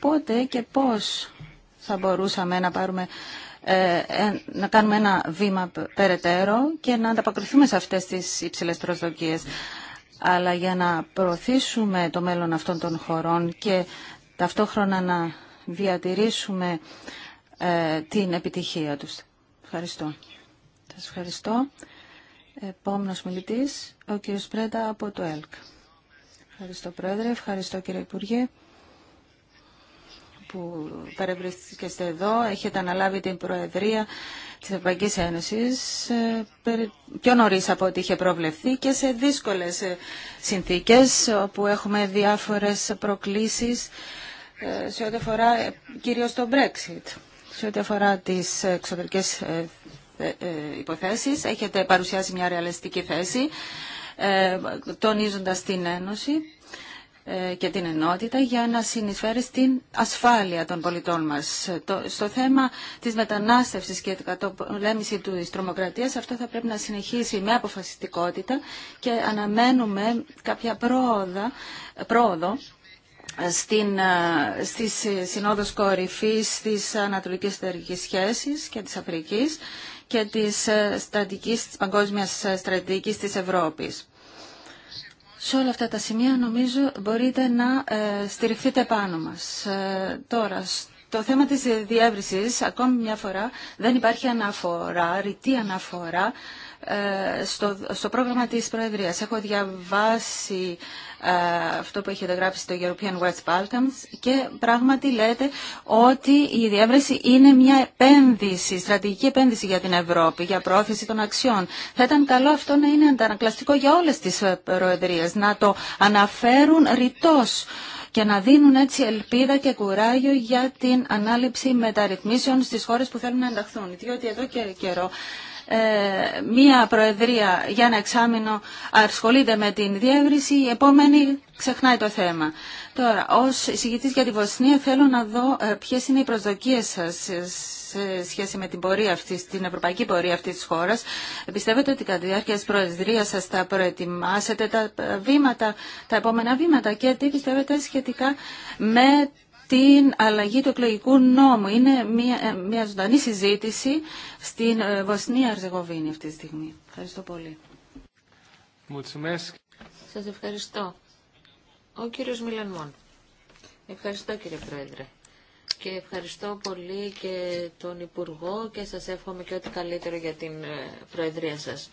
Πότε και πώς θα μπορούσαμε να πάρουμε ε, ε, να κάνουμε ένα βήμα περαιτέρω και να ανταποκριθούμε σε αυτές τις υψηλές προσδοκίες. Αλλά για να προωθήσουμε το μέλλον αυτών των χωρών και ταυτόχρονα να διατηρήσουμε ε, την επιτυχία τους. Ευχαριστώ. Σας ευχαριστώ. Επόμενος μιλητής, ο κύριος πρέτα από το ΕΛΚ. Ευχαριστώ Πρόεδρε, ευχαριστώ κύριε Υπουργέ που παρευρεθήκεστε εδώ. Έχετε αναλάβει την Προεδρία της Ευρωπαϊκής Ένωσης ε, πιο νωρίς από ό,τι είχε προβλεφθεί και σε δύσκολες ε, συνθήκες όπου έχουμε διάφορες προκλήσεις ε, σε ό,τι αφορά κυρίως το Brexit. Σε ό,τι αφορά τις εξωτερικές υποθέσεις έχετε παρουσιάσει μια ρεαλιστική θέση τονίζοντας την Ένωση ε, και την ενότητα για να συνεισφέρει στην ασφάλεια των πολιτών μας. στο θέμα της μετανάστευσης και την κατοπολέμηση της τρομοκρατίας αυτό θα πρέπει να συνεχίσει με αποφασιστικότητα και αναμένουμε κάποια πρόοδα, πρόοδο στην, ε, στις συνόδους κορυφής της Ανατολικής Εταιρικής Σχέσης και της Αφρικής και της, ε, στρατικής, της παγκόσμιας στρατηγικής της Ευρώπης σε όλα αυτά τα σημεία νομίζω μπορείτε να ε, στηριχθείτε πάνω μας. Ε, τώρα, το θέμα της διεύρυνσης, ακόμη μια φορά, δεν υπάρχει αναφορά, ρητή αναφορά ε, στο, στο πρόγραμμα της Προεδρίας. Έχω διαβάσει ε, αυτό που έχετε γράψει στο European West Balkans και πράγματι λέτε ότι η διεύρυνση είναι μια επένδυση, στρατηγική επένδυση για την Ευρώπη, για πρόθεση των αξιών. Θα ήταν καλό αυτό να είναι αντανακλαστικό για όλες τις ε, προεδρίες, να το αναφέρουν ρητός και να δίνουν έτσι ελπίδα και κουράγιο για την ανάληψη μεταρρυθμίσεων στις χώρες που θέλουν να ενταχθούν. Διότι εδώ και καιρό ε, μία προεδρία για ένα εξάμεινο ασχολείται με την διεύρυνση, η επόμενη ξεχνάει το θέμα. Τώρα, ως εισηγητής για τη Βοσνία θέλω να δω ε, ποιες είναι οι προσδοκίες σας σε σχέση με την πορεία αυτής, την ευρωπαϊκή πορεία αυτής της χώρας. Πιστεύετε ότι κατά τη διάρκεια της Προεδρίας σας θα προετοιμάσετε τα, ε, βήματα, τα επόμενα βήματα και τι πιστεύετε σχετικά με την αλλαγή του εκλογικού νόμου. Είναι μια, ε, μια ζωντανή συζήτηση στην ε, Βοσνία Αρζεγοβίνη αυτή τη στιγμή. Ευχαριστώ πολύ. Σας ευχαριστώ. Ο κύριος Μιλανμόν. Ευχαριστώ κύριε Πρόεδρε. Και ευχαριστώ πολύ και τον Υπουργό και σας εύχομαι και ό,τι καλύτερο για την ε, Προεδρία σας.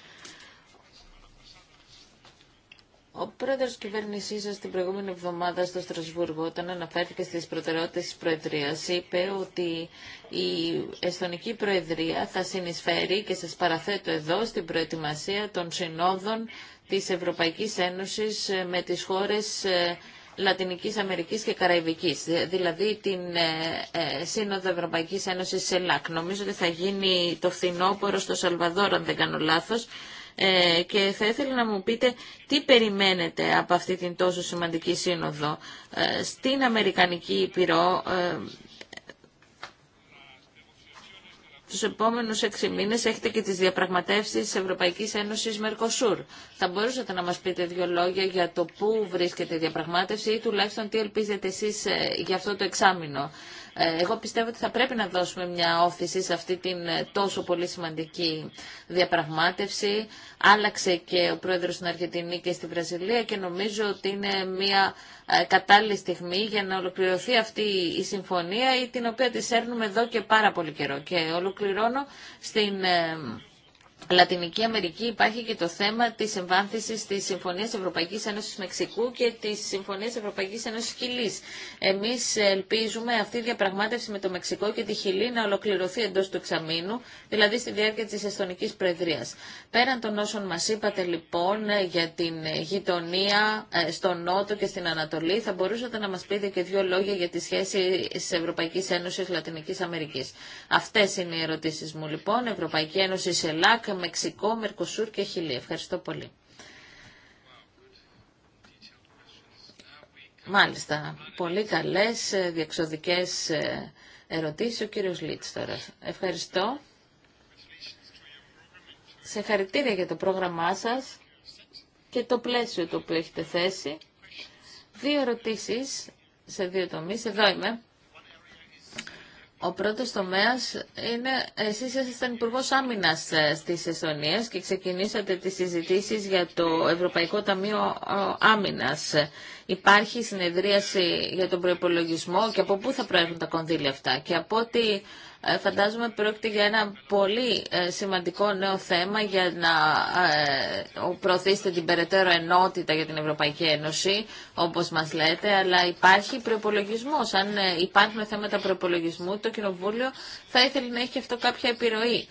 Ο πρόεδρος κυβέρνησή σα την προηγούμενη εβδομάδα στο Στρασβούργο, όταν αναφέρθηκε στι προτεραιότητες τη Προεδρία, είπε ότι η Εστονική Προεδρία θα συνεισφέρει και σας παραθέτω εδώ στην προετοιμασία των συνόδων της Ευρωπαϊκής Ένωσης ε, με τις χώρες ε, Λατινικής Αμερικής και Καραϊβικής, δηλαδή την ε, Σύνοδο Ευρωπαϊκής Ένωσης ΛΑΚ Νομίζω ότι θα γίνει το φθινόπωρο στο Σαλβαδόρο, αν δεν κάνω λάθος, ε, και θα ήθελα να μου πείτε τι περιμένετε από αυτή την τόσο σημαντική σύνοδο ε, στην Αμερικανική Υπηρώ ε, τους επόμενους έξι μήνες έχετε και τις διαπραγματεύσεις της Ευρωπαϊκής Ένωσης Μερκοσούρ. Θα μπορούσατε να μας πείτε δύο λόγια για το πού βρίσκεται η διαπραγμάτευση ή τουλάχιστον τι ελπίζετε εσείς για αυτό το εξάμεινο. Ε, εγώ πιστεύω ότι θα πρέπει να δώσουμε μια όθηση σε αυτή την ε, τόσο πολύ σημαντική διαπραγμάτευση. Άλλαξε και ο πρόεδρος στην Αργεντινή και στη Βραζιλία και νομίζω ότι είναι μια ε, κατάλληλη στιγμή για να ολοκληρωθεί αυτή η συμφωνία ή την οποία τη σέρνουμε εδώ και πάρα πολύ καιρό. Και ολοκληρώνω στην Λατινική Αμερική υπάρχει και το θέμα τη εμβάνθησης τη Συμφωνία Ευρωπαϊκή Ένωση Μεξικού και τη Συμφωνία Ευρωπαϊκή Ένωση Χιλή. Εμεί ελπίζουμε αυτή η διαπραγμάτευση με το Μεξικό και τη Χιλή να ολοκληρωθεί εντό του εξαμήνου, δηλαδή στη διάρκεια τη Εστονικής Προεδρία. Πέραν των όσων μα είπατε λοιπόν για την γειτονία ε, στο Νότο και στην Ανατολή, θα μπορούσατε να μα πείτε και δύο λόγια για τη σχέση τη Ευρωπαϊκής Ένωση Λατινική Αμερική. Αυτέ είναι οι ερωτήσει μου λοιπόν. Ευρωπαϊκή Ένωση ΣΕΛΑΚ Μεξικό, Μερκοσούρ και Χιλή. Ευχαριστώ πολύ. Μάλιστα, πολύ καλές ε, διεξοδικές ε, ερωτήσεις ο κύριος Λίτς τώρα. Ευχαριστώ. Σε χαρητήρια για το πρόγραμμά σας και το πλαίσιο το οποίο έχετε θέσει. Δύο ερωτήσεις σε δύο τομείς. Εδώ είμαι. Ο πρώτος τομέας είναι, εσείς ήσασταν υπουργό Άμυνα ε, στις Εστονίες και ξεκινήσατε τις συζητήσεις για το Ευρωπαϊκό Ταμείο ε, Άμυνα. Υπάρχει συνεδρίαση για τον προπολογισμό και από πού θα προέρχονται τα κονδύλια αυτά. Και από ό,τι ε, φαντάζομαι πρόκειται για ένα πολύ ε, σημαντικό νέο θέμα για να ε, προωθήσετε την περαιτέρω ενότητα για την Ευρωπαϊκή Ένωση, όπως μας λέτε, αλλά υπάρχει προπολογισμό. Αν υπάρχουν θέματα προπολογισμού, το Κοινοβούλιο θα ήθελε να έχει αυτό κάποια επιρροή.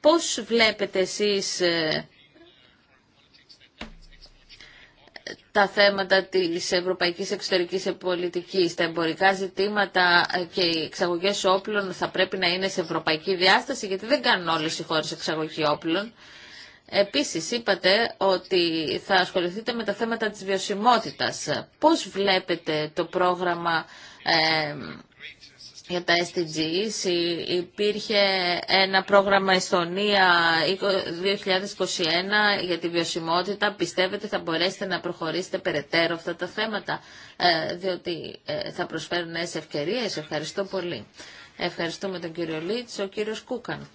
Πώς βλέπετε εσείς τα θέματα της ευρωπαϊκής εξωτερικής πολιτικής, τα εμπορικά ζητήματα και οι εξαγωγές όπλων θα πρέπει να είναι σε ευρωπαϊκή διάσταση, γιατί δεν κάνουν όλες οι χώρες εξαγωγή όπλων. Επίσης είπατε ότι θα ασχοληθείτε με τα θέματα της βιωσιμότητας. Πώς βλέπετε το πρόγραμμα ε, για τα SDGs υπήρχε ένα πρόγραμμα Εστονία 2021 για τη βιωσιμότητα. Πιστεύετε θα μπορέσετε να προχωρήσετε περαιτέρω αυτά τα θέματα, ε, διότι ε, θα προσφέρουν νέες ευκαιρίες. Ευχαριστώ πολύ. Ευχαριστούμε τον κύριο Λίτς, ο κύριος Κούκαν.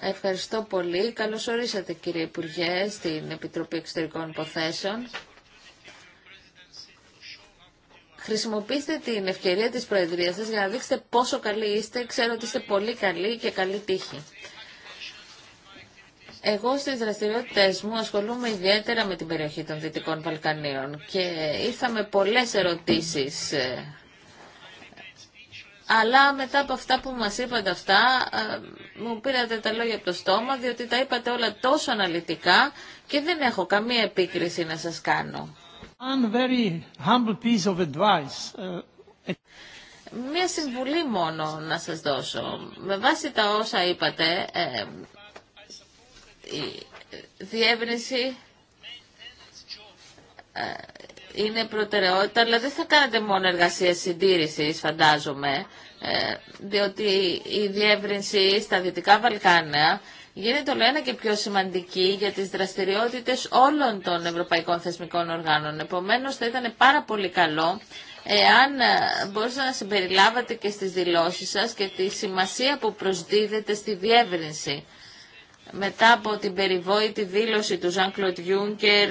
Ευχαριστώ πολύ. Καλώς ορίσατε κύριε Υπουργέ στην Επιτροπή Εξωτερικών Υποθέσεων. Χρησιμοποιήστε την ευκαιρία της Προεδρίας σας για να δείξετε πόσο καλοί είστε. Ξέρω ότι είστε πολύ καλοί και καλή τύχη. Εγώ στις δραστηριότητες μου ασχολούμαι ιδιαίτερα με την περιοχή των Δυτικών Βαλκανίων και ήρθα με πολλές ερωτήσεις. Ε, αλλά μετά από αυτά που μας είπατε αυτά, ε, μου πήρατε τα λόγια από το στόμα, διότι τα είπατε όλα τόσο αναλυτικά και δεν έχω καμία επίκριση να σας κάνω. Uh, Μία συμβουλή μόνο να σας δώσω. Με βάση τα όσα είπατε, ε, η διεύρυνση ε, είναι προτεραιότητα, αλλά δεν θα κάνετε μόνο εργασίες συντήρησης, φαντάζομαι, ε, διότι η διεύρυνση στα Δυτικά Βαλκάνια γίνεται όλο ένα και πιο σημαντική για τις δραστηριότητες όλων των ευρωπαϊκών θεσμικών οργάνων. Επομένως θα ήταν πάρα πολύ καλό εάν ε, μπορούσατε να συμπεριλάβατε και στις δηλώσεις σας και τη σημασία που προσδίδεται στη διεύρυνση. Μετά από την περιβόητη δήλωση του Ζαν Κλοντ Γιούνκερ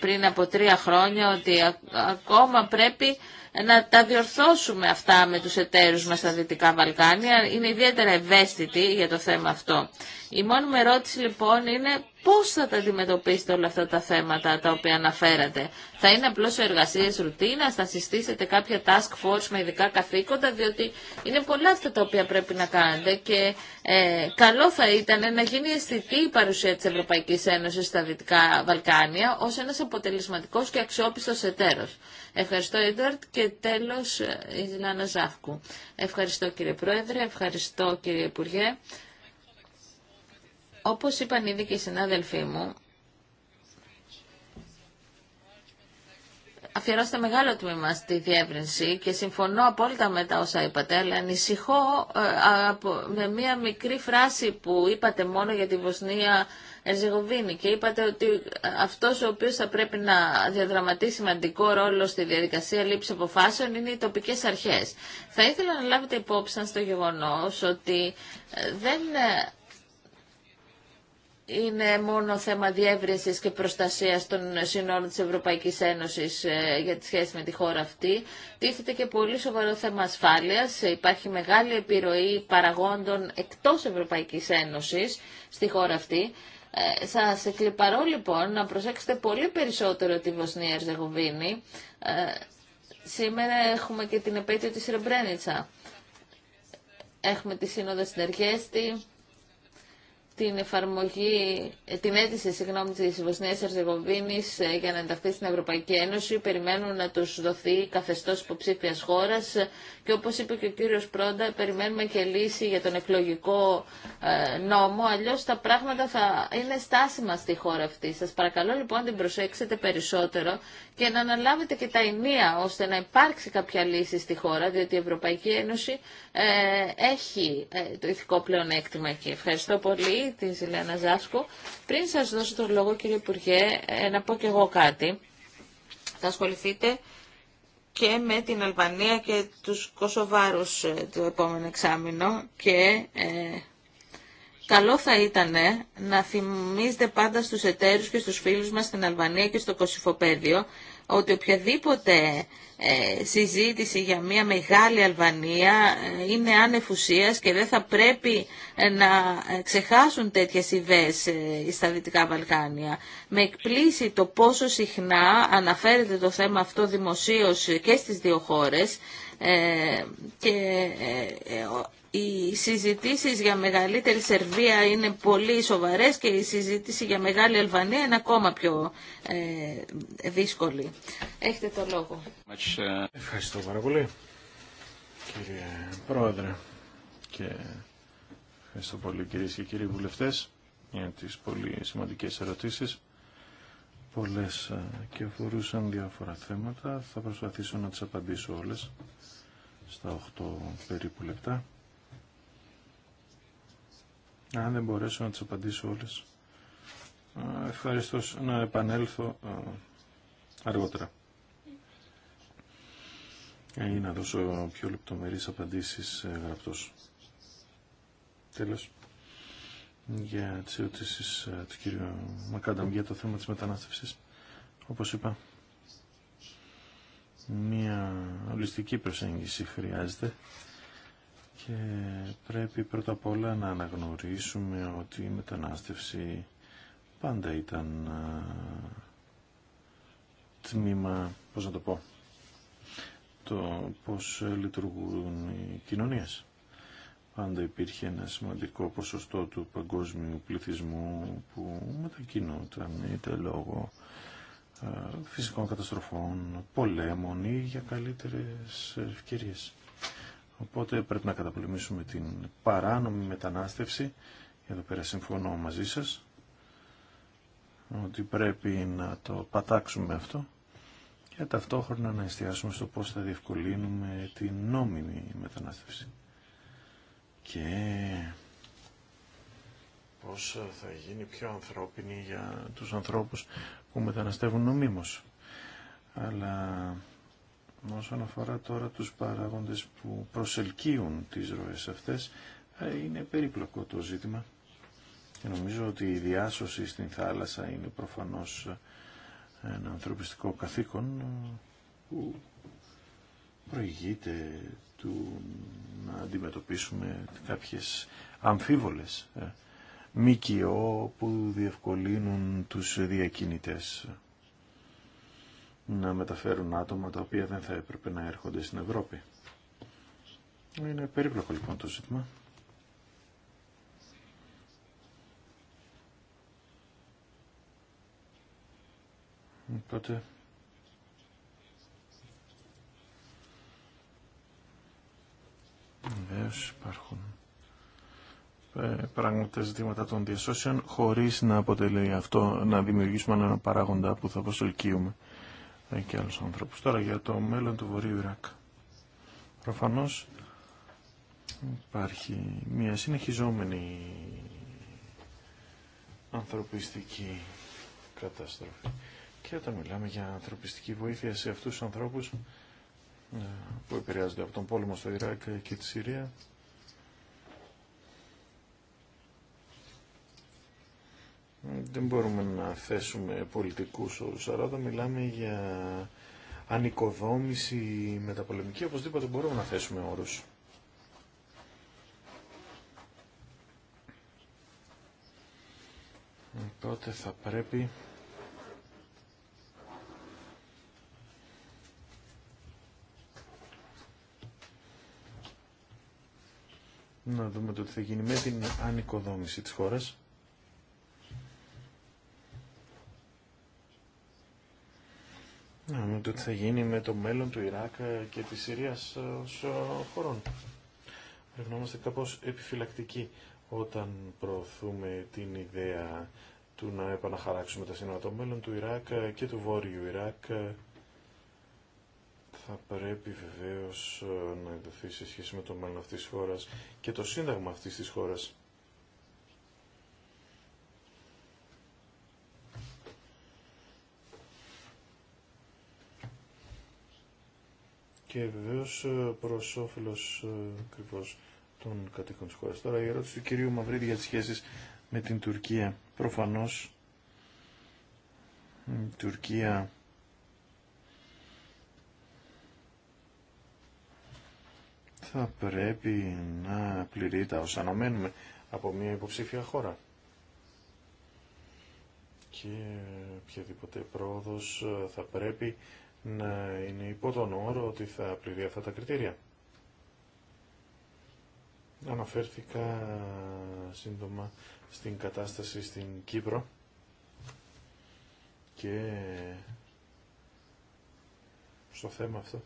πριν από τρία χρόνια ότι ακόμα πρέπει να τα διορθώσουμε αυτά με τους εταίρους μας στα Δυτικά Βαλκάνια. Είναι ιδιαίτερα ευαίσθητη για το θέμα αυτό. Η μόνη μου ερώτηση λοιπόν είναι πώς θα τα αντιμετωπίσετε όλα αυτά τα θέματα τα οποία αναφέρατε. Θα είναι απλώς εργασίες ρουτίνας, θα συστήσετε κάποια task force με ειδικά καθήκοντα, διότι είναι πολλά αυτά τα οποία πρέπει να κάνετε και ε, καλό θα ήταν να γίνει αισθητή η παρουσία της Ευρωπαϊκής Ένωσης στα Δυτικά Βαλκάνια ως ένας αποτελεσματικός και αξιόπιστος εταίρος. Ευχαριστώ, Ιντουαρτ Και τέλος, ε, η Ζηλάνα Ζάφκου. Ευχαριστώ, κύριε Πρόεδρε. Ευχαριστώ, κύριε Υπουργέ. Όπως είπαν ήδη και οι συνάδελφοί μου, αφιερώστε μεγάλο τμήμα στη διεύρυνση και συμφωνώ απόλυτα με τα όσα είπατε, αλλά ανησυχώ ε, με μία μικρή φράση που είπατε μόνο για τη Βοσνία Ερζεγοβίνη και είπατε ότι αυτός ο οποίος θα πρέπει να διαδραματίσει σημαντικό ρόλο στη διαδικασία λήψη αποφάσεων είναι οι τοπικές αρχές. Θα ήθελα να λάβετε υπόψη στο γεγονός ότι ε, δεν ε, είναι μόνο θέμα διεύρυνσης και προστασίας των συνόρων της Ευρωπαϊκής Ένωσης ε, για τη σχέση με τη χώρα αυτή. Τίθεται και πολύ σοβαρό θέμα ασφάλειας. Υπάρχει μεγάλη επιρροή παραγόντων εκτός Ευρωπαϊκής Ένωσης στη χώρα αυτή. Ε, σας εκλυπαρώ λοιπόν να προσέξετε πολύ περισσότερο τη Βοσνία Ερζεγοβίνη. Ε, σήμερα έχουμε και την επέτειο της Ρεμπρένιτσα. Έχουμε τη Σύνοδο στην την εφαρμογή, την αίτηση συγγνώμη της Βοσνίας Ερζεγοβίνη ε, για να ενταχθεί στην Ευρωπαϊκή Ένωση. Περιμένουν να του δοθεί καθεστώ υποψήφια χώρα. και όπω είπε και ο κύριο Πρόντα, περιμένουμε και λύση για τον εκλογικό ε, νόμο, Αλλιώ τα πράγματα θα είναι στάσιμα στη χώρα αυτή. Σα παρακαλώ λοιπόν να την προσέξετε περισσότερο και να αναλάβετε και τα ενία ώστε να υπάρξει κάποια λύση στη χώρα, διότι η Ευρωπαϊκή Ένωση ε, έχει το ηθικό πλεονέκτημα εκεί. Ευχαριστώ πολύ τη της Λένα Πριν σας δώσω τον λόγο κύριε Υπουργέ, ε, να πω και εγώ κάτι. Θα ασχοληθείτε και με την Αλβανία και τους κοσοβάρους ε, το επόμενο εξάμεινο και ε, καλό θα ήταν να θυμίζετε πάντα στους εταίρους και στους φίλους μας στην Αλβανία και στο Κωσυφοπαίδιο ότι οποιαδήποτε ε, συζήτηση για μια μεγάλη Αλβανία ε, είναι άνευ και δεν θα πρέπει ε, να ξεχάσουν τέτοιες ιδέες στα Δυτικά Βαλκάνια. Με εκπλήσει το πόσο συχνά αναφέρεται το θέμα αυτό δημοσίως και στις δύο χώρες και οι συζητήσεις για μεγαλύτερη Σερβία είναι πολύ σοβαρές και η συζήτηση για μεγάλη Αλβανία είναι ακόμα πιο ε, δύσκολη. Έχετε το λόγο. Ευχαριστώ πάρα πολύ κύριε Πρόεδρε και ευχαριστώ πολύ κυρίες και κύριοι βουλευτές για τις πολύ σημαντικές ερωτήσεις. Πολλές ε, και αφορούσαν διάφορα θέματα. Θα προσπαθήσω να τις απαντήσω όλες στα 8 περίπου λεπτά. Αν δεν μπορέσω να τις απαντήσω όλες, ευχαριστώ να επανέλθω αργότερα. Ή να δώσω πιο λεπτομερείς απαντήσεις ε, γραπτός. Τέλος. Για τις ερωτήσεις ε, του κύριου Μακάνταμ για το θέμα της μετανάστευσης. Όπως είπα, μια ολιστική προσέγγιση χρειάζεται και πρέπει πρώτα απ' όλα να αναγνωρίσουμε ότι η μετανάστευση πάντα ήταν τμήμα, πώς να το πω, το πώς λειτουργούν οι κοινωνίες. Πάντα υπήρχε ένα σημαντικό ποσοστό του παγκόσμιου πληθυσμού που μετακινούταν είτε λόγω φυσικών καταστροφών, πολέμων ή για καλύτερες ευκαιρίες. Οπότε πρέπει να καταπολεμήσουμε την παράνομη μετανάστευση. Εδώ πέρα συμφωνώ μαζί σας ότι πρέπει να το πατάξουμε αυτό και ταυτόχρονα να εστιάσουμε στο πώς θα διευκολύνουμε την νόμιμη μετανάστευση και πώς θα γίνει πιο ανθρώπινη για τους ανθρώπους που μεταναστεύουν νομίμως. Αλλά Όσον αφορά τώρα τους παράγοντες που προσελκύουν τις ροές αυτές, ε, είναι περίπλοκο το ζήτημα. Και νομίζω ότι η διάσωση στην θάλασσα είναι προφανώς ε, ένα ανθρωπιστικό καθήκον ε, που προηγείται του να αντιμετωπίσουμε κάποιες αμφίβολες μήκυο που διευκολύνουν τους διακινητές να μεταφέρουν άτομα τα οποία δεν θα έπρεπε να έρχονται στην Ευρώπη. Είναι περίπλοκο λοιπόν το ζήτημα. Οπότε... Βεβαίω υπάρχουν ε, πράγματα ζητήματα των διασώσεων χωρίς να αποτελεί αυτό να δημιουργήσουμε έναν παράγοντα που θα προσελκύουμε ναι, και άλλους ανθρώπους. Τώρα για το μέλλον του Βορείου Ιράκ. Προφανώς υπάρχει μια συνεχιζόμενη ανθρωπιστική καταστροφή. Και όταν μιλάμε για ανθρωπιστική βοήθεια σε αυτούς τους ανθρώπους ε, που επηρεάζονται από τον πόλεμο στο Ιράκ και τη Συρία, Δεν μπορούμε να θέσουμε πολιτικούς όρους, αλλά όταν μιλάμε για ανοικοδόμηση μεταπολεμική, οπωσδήποτε μπορούμε να θέσουμε όρους. Τότε θα πρέπει να δούμε το τι θα γίνει με την ανοικοδόμηση της χώρας. Ναι, το τι θα γίνει με το μέλλον του Ιράκ ε, και της Συρίας ε, ως ε, χωρών. Πρέπει να είμαστε κάπως επιφυλακτικοί όταν προωθούμε την ιδέα του να επαναχαράξουμε τα σύνορα. Το μέλλον του Ιράκ και του Βόρειου Ιράκ θα πρέπει βεβαίως να εντοθεί σε σχέση με το μέλλον αυτής της χώρας και το σύνταγμα αυτής της χώρας. και βεβαίω ε, προ όφελο ε, ακριβώ των κατοίκων τη χώρα. Τώρα η ερώτηση του κυρίου Μαυρίδη για τι σχέσεις με την Τουρκία. Προφανώς η Τουρκία θα πρέπει να πληρεί τα όσα αναμένουμε από μια υποψήφια χώρα. Και οποιαδήποτε πρόοδος ε, θα πρέπει να είναι υπό τον όρο ότι θα πληρεί αυτά τα κριτήρια. Αναφέρθηκα σύντομα στην κατάσταση στην Κύπρο και στο θέμα αυτό.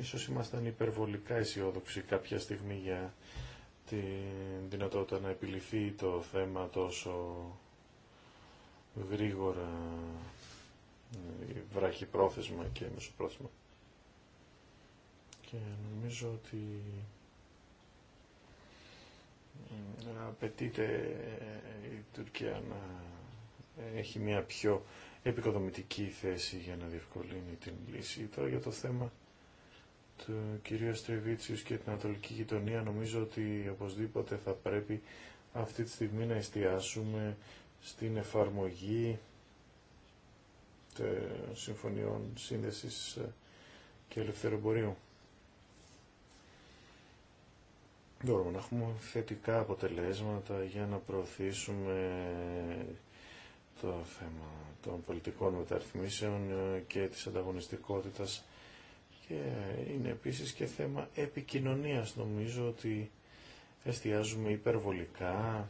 Ίσως ήμασταν υπερβολικά αισιόδοξοι κάποια στιγμή για τη δυνατότητα να επιληθεί το θέμα τόσο γρήγορα ε, πρόθεσμα και μεσοπρόθεσμα. Και νομίζω ότι ε, απαιτείται ε, η Τουρκία να έχει μια πιο επικοδομητική θέση για να διευκολύνει την λύση. Τώρα για το θέμα του κυρίου Αστρεβίτσιους και την Ανατολική Γειτονία νομίζω ότι οπωσδήποτε θα πρέπει αυτή τη στιγμή να εστιάσουμε στην εφαρμογή ε, συμφωνιών σύνδεσης ε, και ελευθεροπορίου. Μπορούμε να έχουμε θετικά αποτελέσματα για να προωθήσουμε το θέμα των πολιτικών μεταρρυθμίσεων ε, και της ανταγωνιστικότητας και είναι επίσης και θέμα επικοινωνίας. Νομίζω ότι εστιάζουμε υπερβολικά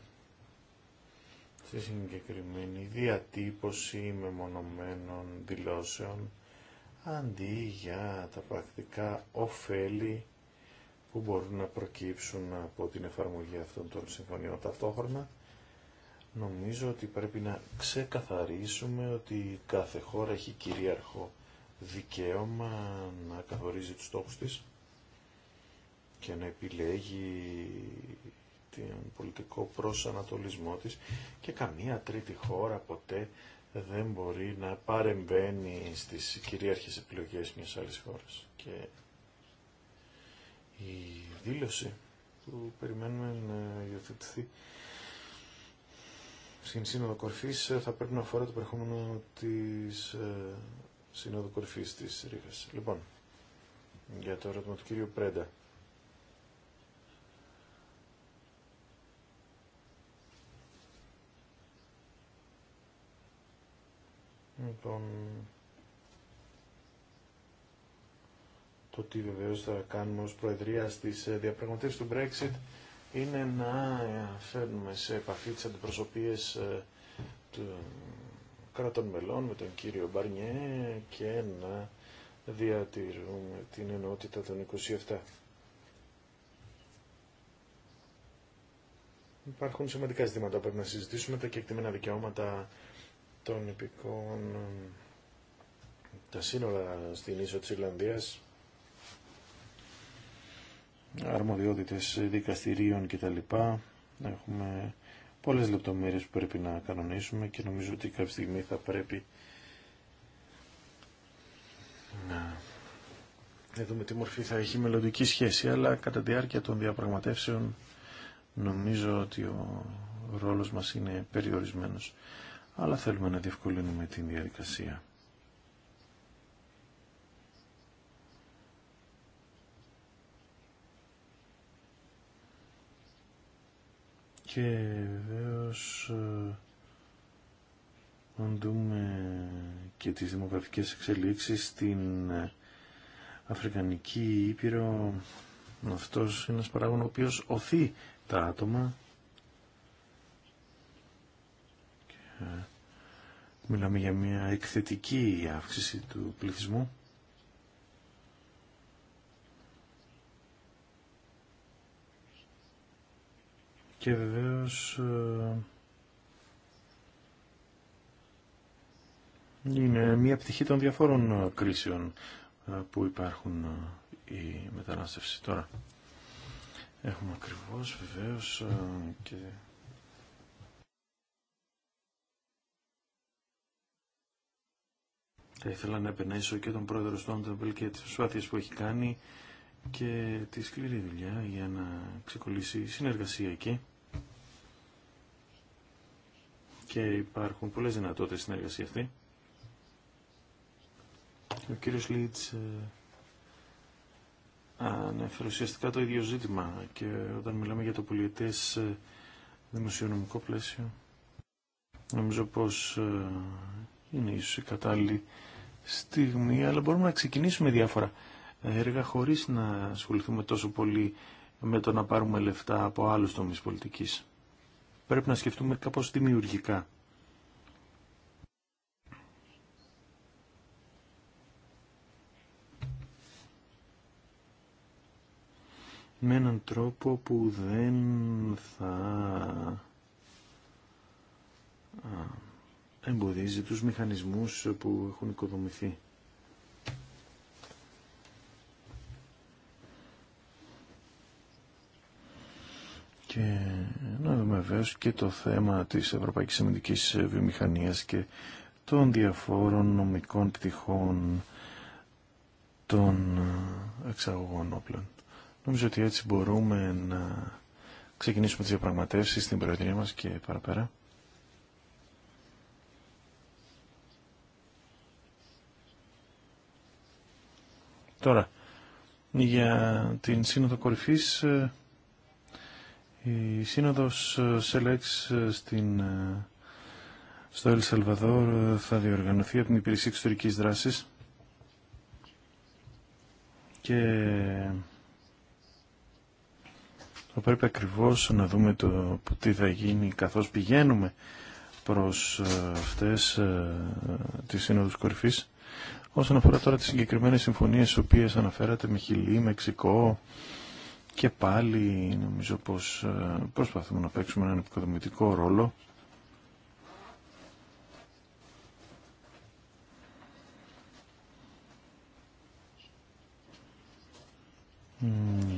στη συγκεκριμένη διατύπωση μεμονωμένων δηλώσεων αντί για τα πρακτικά ωφέλη που μπορούν να προκύψουν από την εφαρμογή αυτών των συμφωνιών ταυτόχρονα. Νομίζω ότι πρέπει να ξεκαθαρίσουμε ότι κάθε χώρα έχει κυρίαρχο δικαίωμα να καθορίζει τους στόχους της και να επιλέγει τον πολιτικό προσανατολισμό της και καμία τρίτη χώρα ποτέ δεν μπορεί να παρεμβαίνει στις κυρίαρχες επιλογές μιας άλλης χώρας. Και η δήλωση που περιμένουμε να υιοθετηθεί στην Σύνοδο Κορφής θα πρέπει να αφορά το περιεχόμενο της ε, Σύνοδο Κορφής της Ρίχας. Λοιπόν, για το ερώτημα του κύριου Πρέντα. τον... το τι βεβαίω θα κάνουμε ως Προεδρία στις ε, διαπραγματεύσεις του Brexit είναι να ε, φέρνουμε σε επαφή τις αντιπροσωπείες του ε, κράτων μελών με τον κύριο Μπαρνιέ και να διατηρούμε την ενότητα των 27. Υπάρχουν σημαντικά ζητήματα που πρέπει να συζητήσουμε, τα κεκτημένα δικαιώματα των υπηκών τα σύνορα στην ίσο της Ιρλανδίας αρμοδιότητες δικαστηρίων κτλ. Έχουμε πολλές λεπτομέρειες που πρέπει να κανονίσουμε και νομίζω ότι κάποια στιγμή θα πρέπει να δούμε τι μορφή θα έχει η μελλοντική σχέση, αλλά κατά τη διάρκεια των διαπραγματεύσεων νομίζω ότι ο ρόλος μας είναι περιορισμένος αλλά θέλουμε να διευκολύνουμε την διαδικασία. Και βεβαίω ε, δούμε και τις δημογραφικές εξελίξεις στην ε, Αφρικανική Ήπειρο. Αυτός είναι ένας παράγων ο οποίος οθεί τα άτομα Ε, μιλάμε για μια εκθετική αύξηση του πληθυσμού. Και βεβαίως ε, είναι μια πτυχή των διαφόρων κρίσεων ε, που υπάρχουν η μετανάστευση τώρα. Έχουμε ακριβώς βεβαίως και Θα ήθελα να επενέσω και τον πρόεδρο Στόντεμπελ και τις προσπάθειε που έχει κάνει και τη σκληρή δουλειά για να ξεκολλήσει η συνεργασία εκεί. Και υπάρχουν πολλές δυνατότητες εργασία αυτή. Ο κύριος Λίτς ε, ανέφερε ουσιαστικά το ίδιο ζήτημα και όταν μιλάμε για το πολιετές ε, δημοσιονομικό πλαίσιο νομίζω πως ε, είναι ίσως η κατάλληλη στιγμή, αλλά μπορούμε να ξεκινήσουμε διάφορα έργα χωρίς να ασχοληθούμε τόσο πολύ με το να πάρουμε λεφτά από άλλους τομείς πολιτικής. Πρέπει να σκεφτούμε κάπως δημιουργικά. με έναν τρόπο που δεν θα εμποδίζει τους μηχανισμούς που έχουν οικοδομηθεί. Και να δούμε βεβαίω και το θέμα της Ευρωπαϊκής Αμυντικής Βιομηχανίας και των διαφόρων νομικών πτυχών των εξαγωγών όπλων. Νομίζω ότι έτσι μπορούμε να ξεκινήσουμε τις διαπραγματεύσεις στην Προεδρία μας και παραπέρα. Τώρα, για την Σύνοδο Κορυφής, ε, η Σύνοδος ε, ΣΕΛΕΞ ε, στην, στο Ελ Σαλβαδόρ θα διοργανωθεί από την Υπηρεσία Εξωτερικής Δράσης και θα πρέπει ακριβώς να δούμε το τι θα γίνει καθώς πηγαίνουμε προς αυτές τις Σύνοδους Κορυφής Όσον αφορά τώρα τις συγκεκριμένες συμφωνίες στις οποίες αναφέρατε με Χιλή, Μεξικό και πάλι νομίζω πως ε, προσπαθούμε να παίξουμε έναν επικοδομητικό ρόλο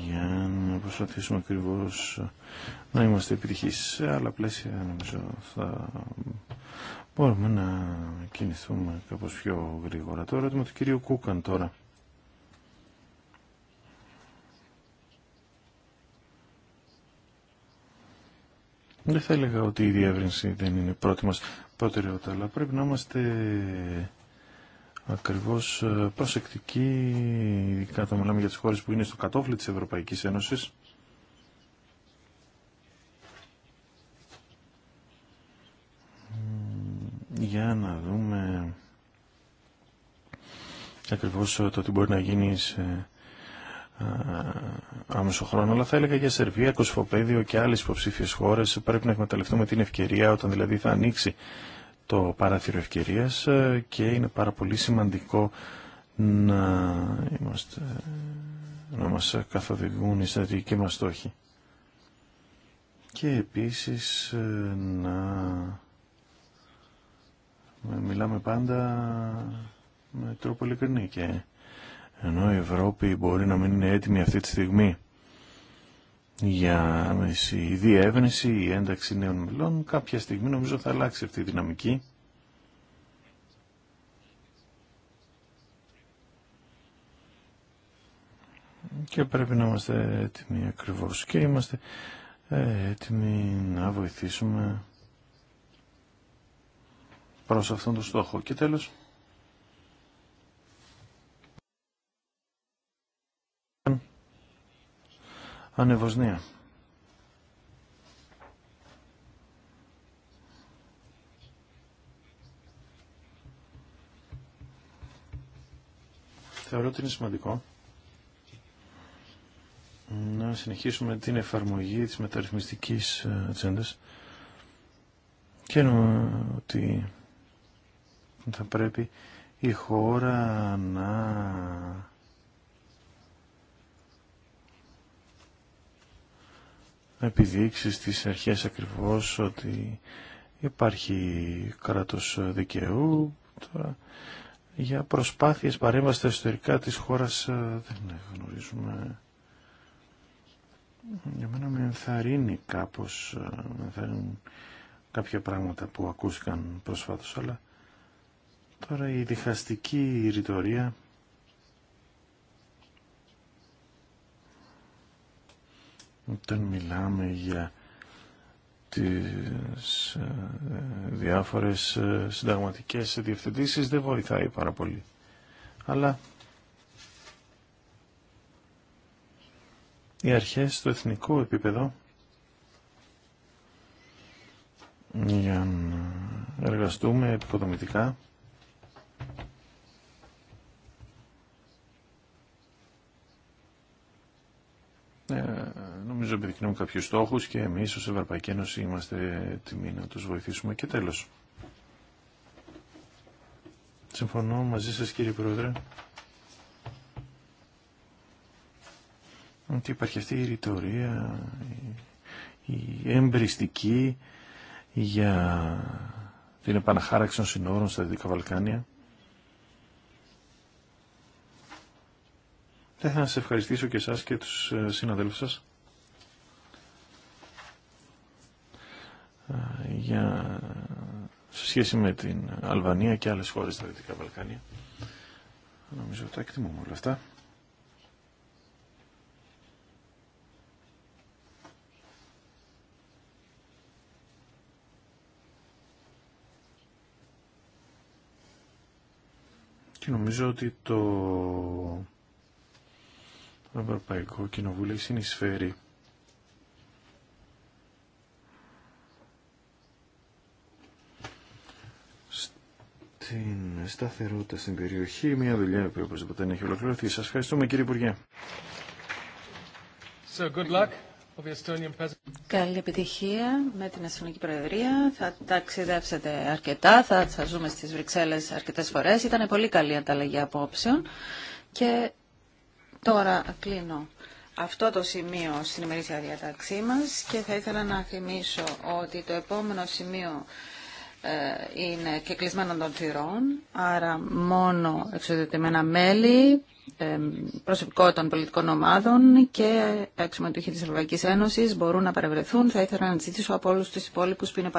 για να προσπαθήσουμε ακριβώ να είμαστε επιτυχείς σε άλλα πλαίσια νομίζω θα Μπορούμε να κινηθούμε κάπως πιο γρήγορα. Το ερώτημα του κυρίου Κούκαν τώρα. Δεν θα έλεγα ότι η διεύρυνση δεν είναι πρώτη μας προτεραιότητα, αλλά πρέπει να είμαστε ακριβώς ε, προσεκτικοί, ειδικά όταν μιλάμε για τις χώρες που είναι στο κατόφλι της Ευρωπαϊκής Ένωσης. για να δούμε ακριβώς το τι μπορεί να γίνει σε άμεσο χρόνο, αλλά θα έλεγα για Σερβία, Κοσφοπέδιο και άλλες υποψήφιε χώρες πρέπει να εκμεταλλευτούμε την ευκαιρία όταν δηλαδή θα ανοίξει το παράθυρο ευκαιρίας ε, και είναι πάρα πολύ σημαντικό να, είμαστε, να μας καθοδηγούν οι στρατηγικοί μας στόχοι. Και επίσης ε, να Μιλάμε πάντα με τρόπο ειλικρινή και ενώ η Ευρώπη μπορεί να μην είναι έτοιμη αυτή τη στιγμή για η κάποια στιγμή νομίζω θα αλλάξει αυτή η ένταξη νέων μελών, κάποια στιγμή νομίζω θα αλλάξει αυτή η δυναμική. Και πρέπει να είμαστε έτοιμοι ακριβώς και είμαστε έτοιμοι να βοηθήσουμε προς αυτόν τον στόχο. Και τέλος, ανεβοσνία. Θεωρώ ότι είναι σημαντικό να συνεχίσουμε την εφαρμογή της μεταρρυθμιστικής ατζέντας και ότι θα πρέπει η χώρα να επιδείξει στις αρχές ακριβώς ότι υπάρχει κράτος δικαιού τώρα για προσπάθειες παρέμβαση στα ιστορικά της χώρας ε, ναι, δεν γνωρίζουμε για μένα με ενθαρρύνει κάπως ε, με κάποια πράγματα που ακούστηκαν προσφάτως αλλά Τώρα η διχαστική ρητορία όταν μιλάμε για τις ε, διάφορες ε, συνταγματικές διευθετήσεις δεν βοηθάει πάρα πολύ. Αλλά οι αρχές στο εθνικό επίπεδο για να εργαστούμε επικοδομητικά Ε, νομίζω επιδεικνύουν κάποιους στόχους και εμείς ως Ευρωπαϊκή Ένωση είμαστε έτοιμοι να τους βοηθήσουμε και τέλος. Συμφωνώ μαζί σας κύριε Πρόεδρε ότι υπάρχει αυτή η ρητορία, η εμπριστική για την επαναχάραξη των συνόρων στα Δυτικά Βαλκάνια Θα ήθελα να σας ευχαριστήσω και εσάς και τους ε, συναδέλφους σας ε, για σε σχέση με την Αλβανία και άλλες χώρες στα Δυτικά Βαλκάνια. Νομίζω ότι τα εκτιμούμε όλα αυτά. Και νομίζω ότι το το Ευρωπαϊκό Κοινοβούλιο συνεισφέρει στην σταθερότητα στην περιοχή, μια δουλειά που οπωσδήποτε δεν έχει ολοκληρωθεί. Σας ευχαριστούμε κύριε Υπουργέ. So good luck. Καλή επιτυχία με την Αστυνομική Προεδρία. Θα ταξιδέψετε αρκετά, θα σας δούμε στις Βρυξέλλες αρκετές φορές. Ήταν πολύ καλή ανταλλαγή απόψεων και Τώρα κλείνω αυτό το σημείο στην ημερήσια διαταξή μας και θα ήθελα να θυμίσω ότι το επόμενο σημείο ε, είναι και των θυρών, άρα μόνο εξοδετημένα μέλη, ε, προσωπικό των πολιτικών ομάδων και αξιωματούχοι της Ευρωπαϊκής Ένωσης μπορούν να παρευρεθούν. Θα ήθελα να ζητήσω από όλους τους υπόλοιπους που είναι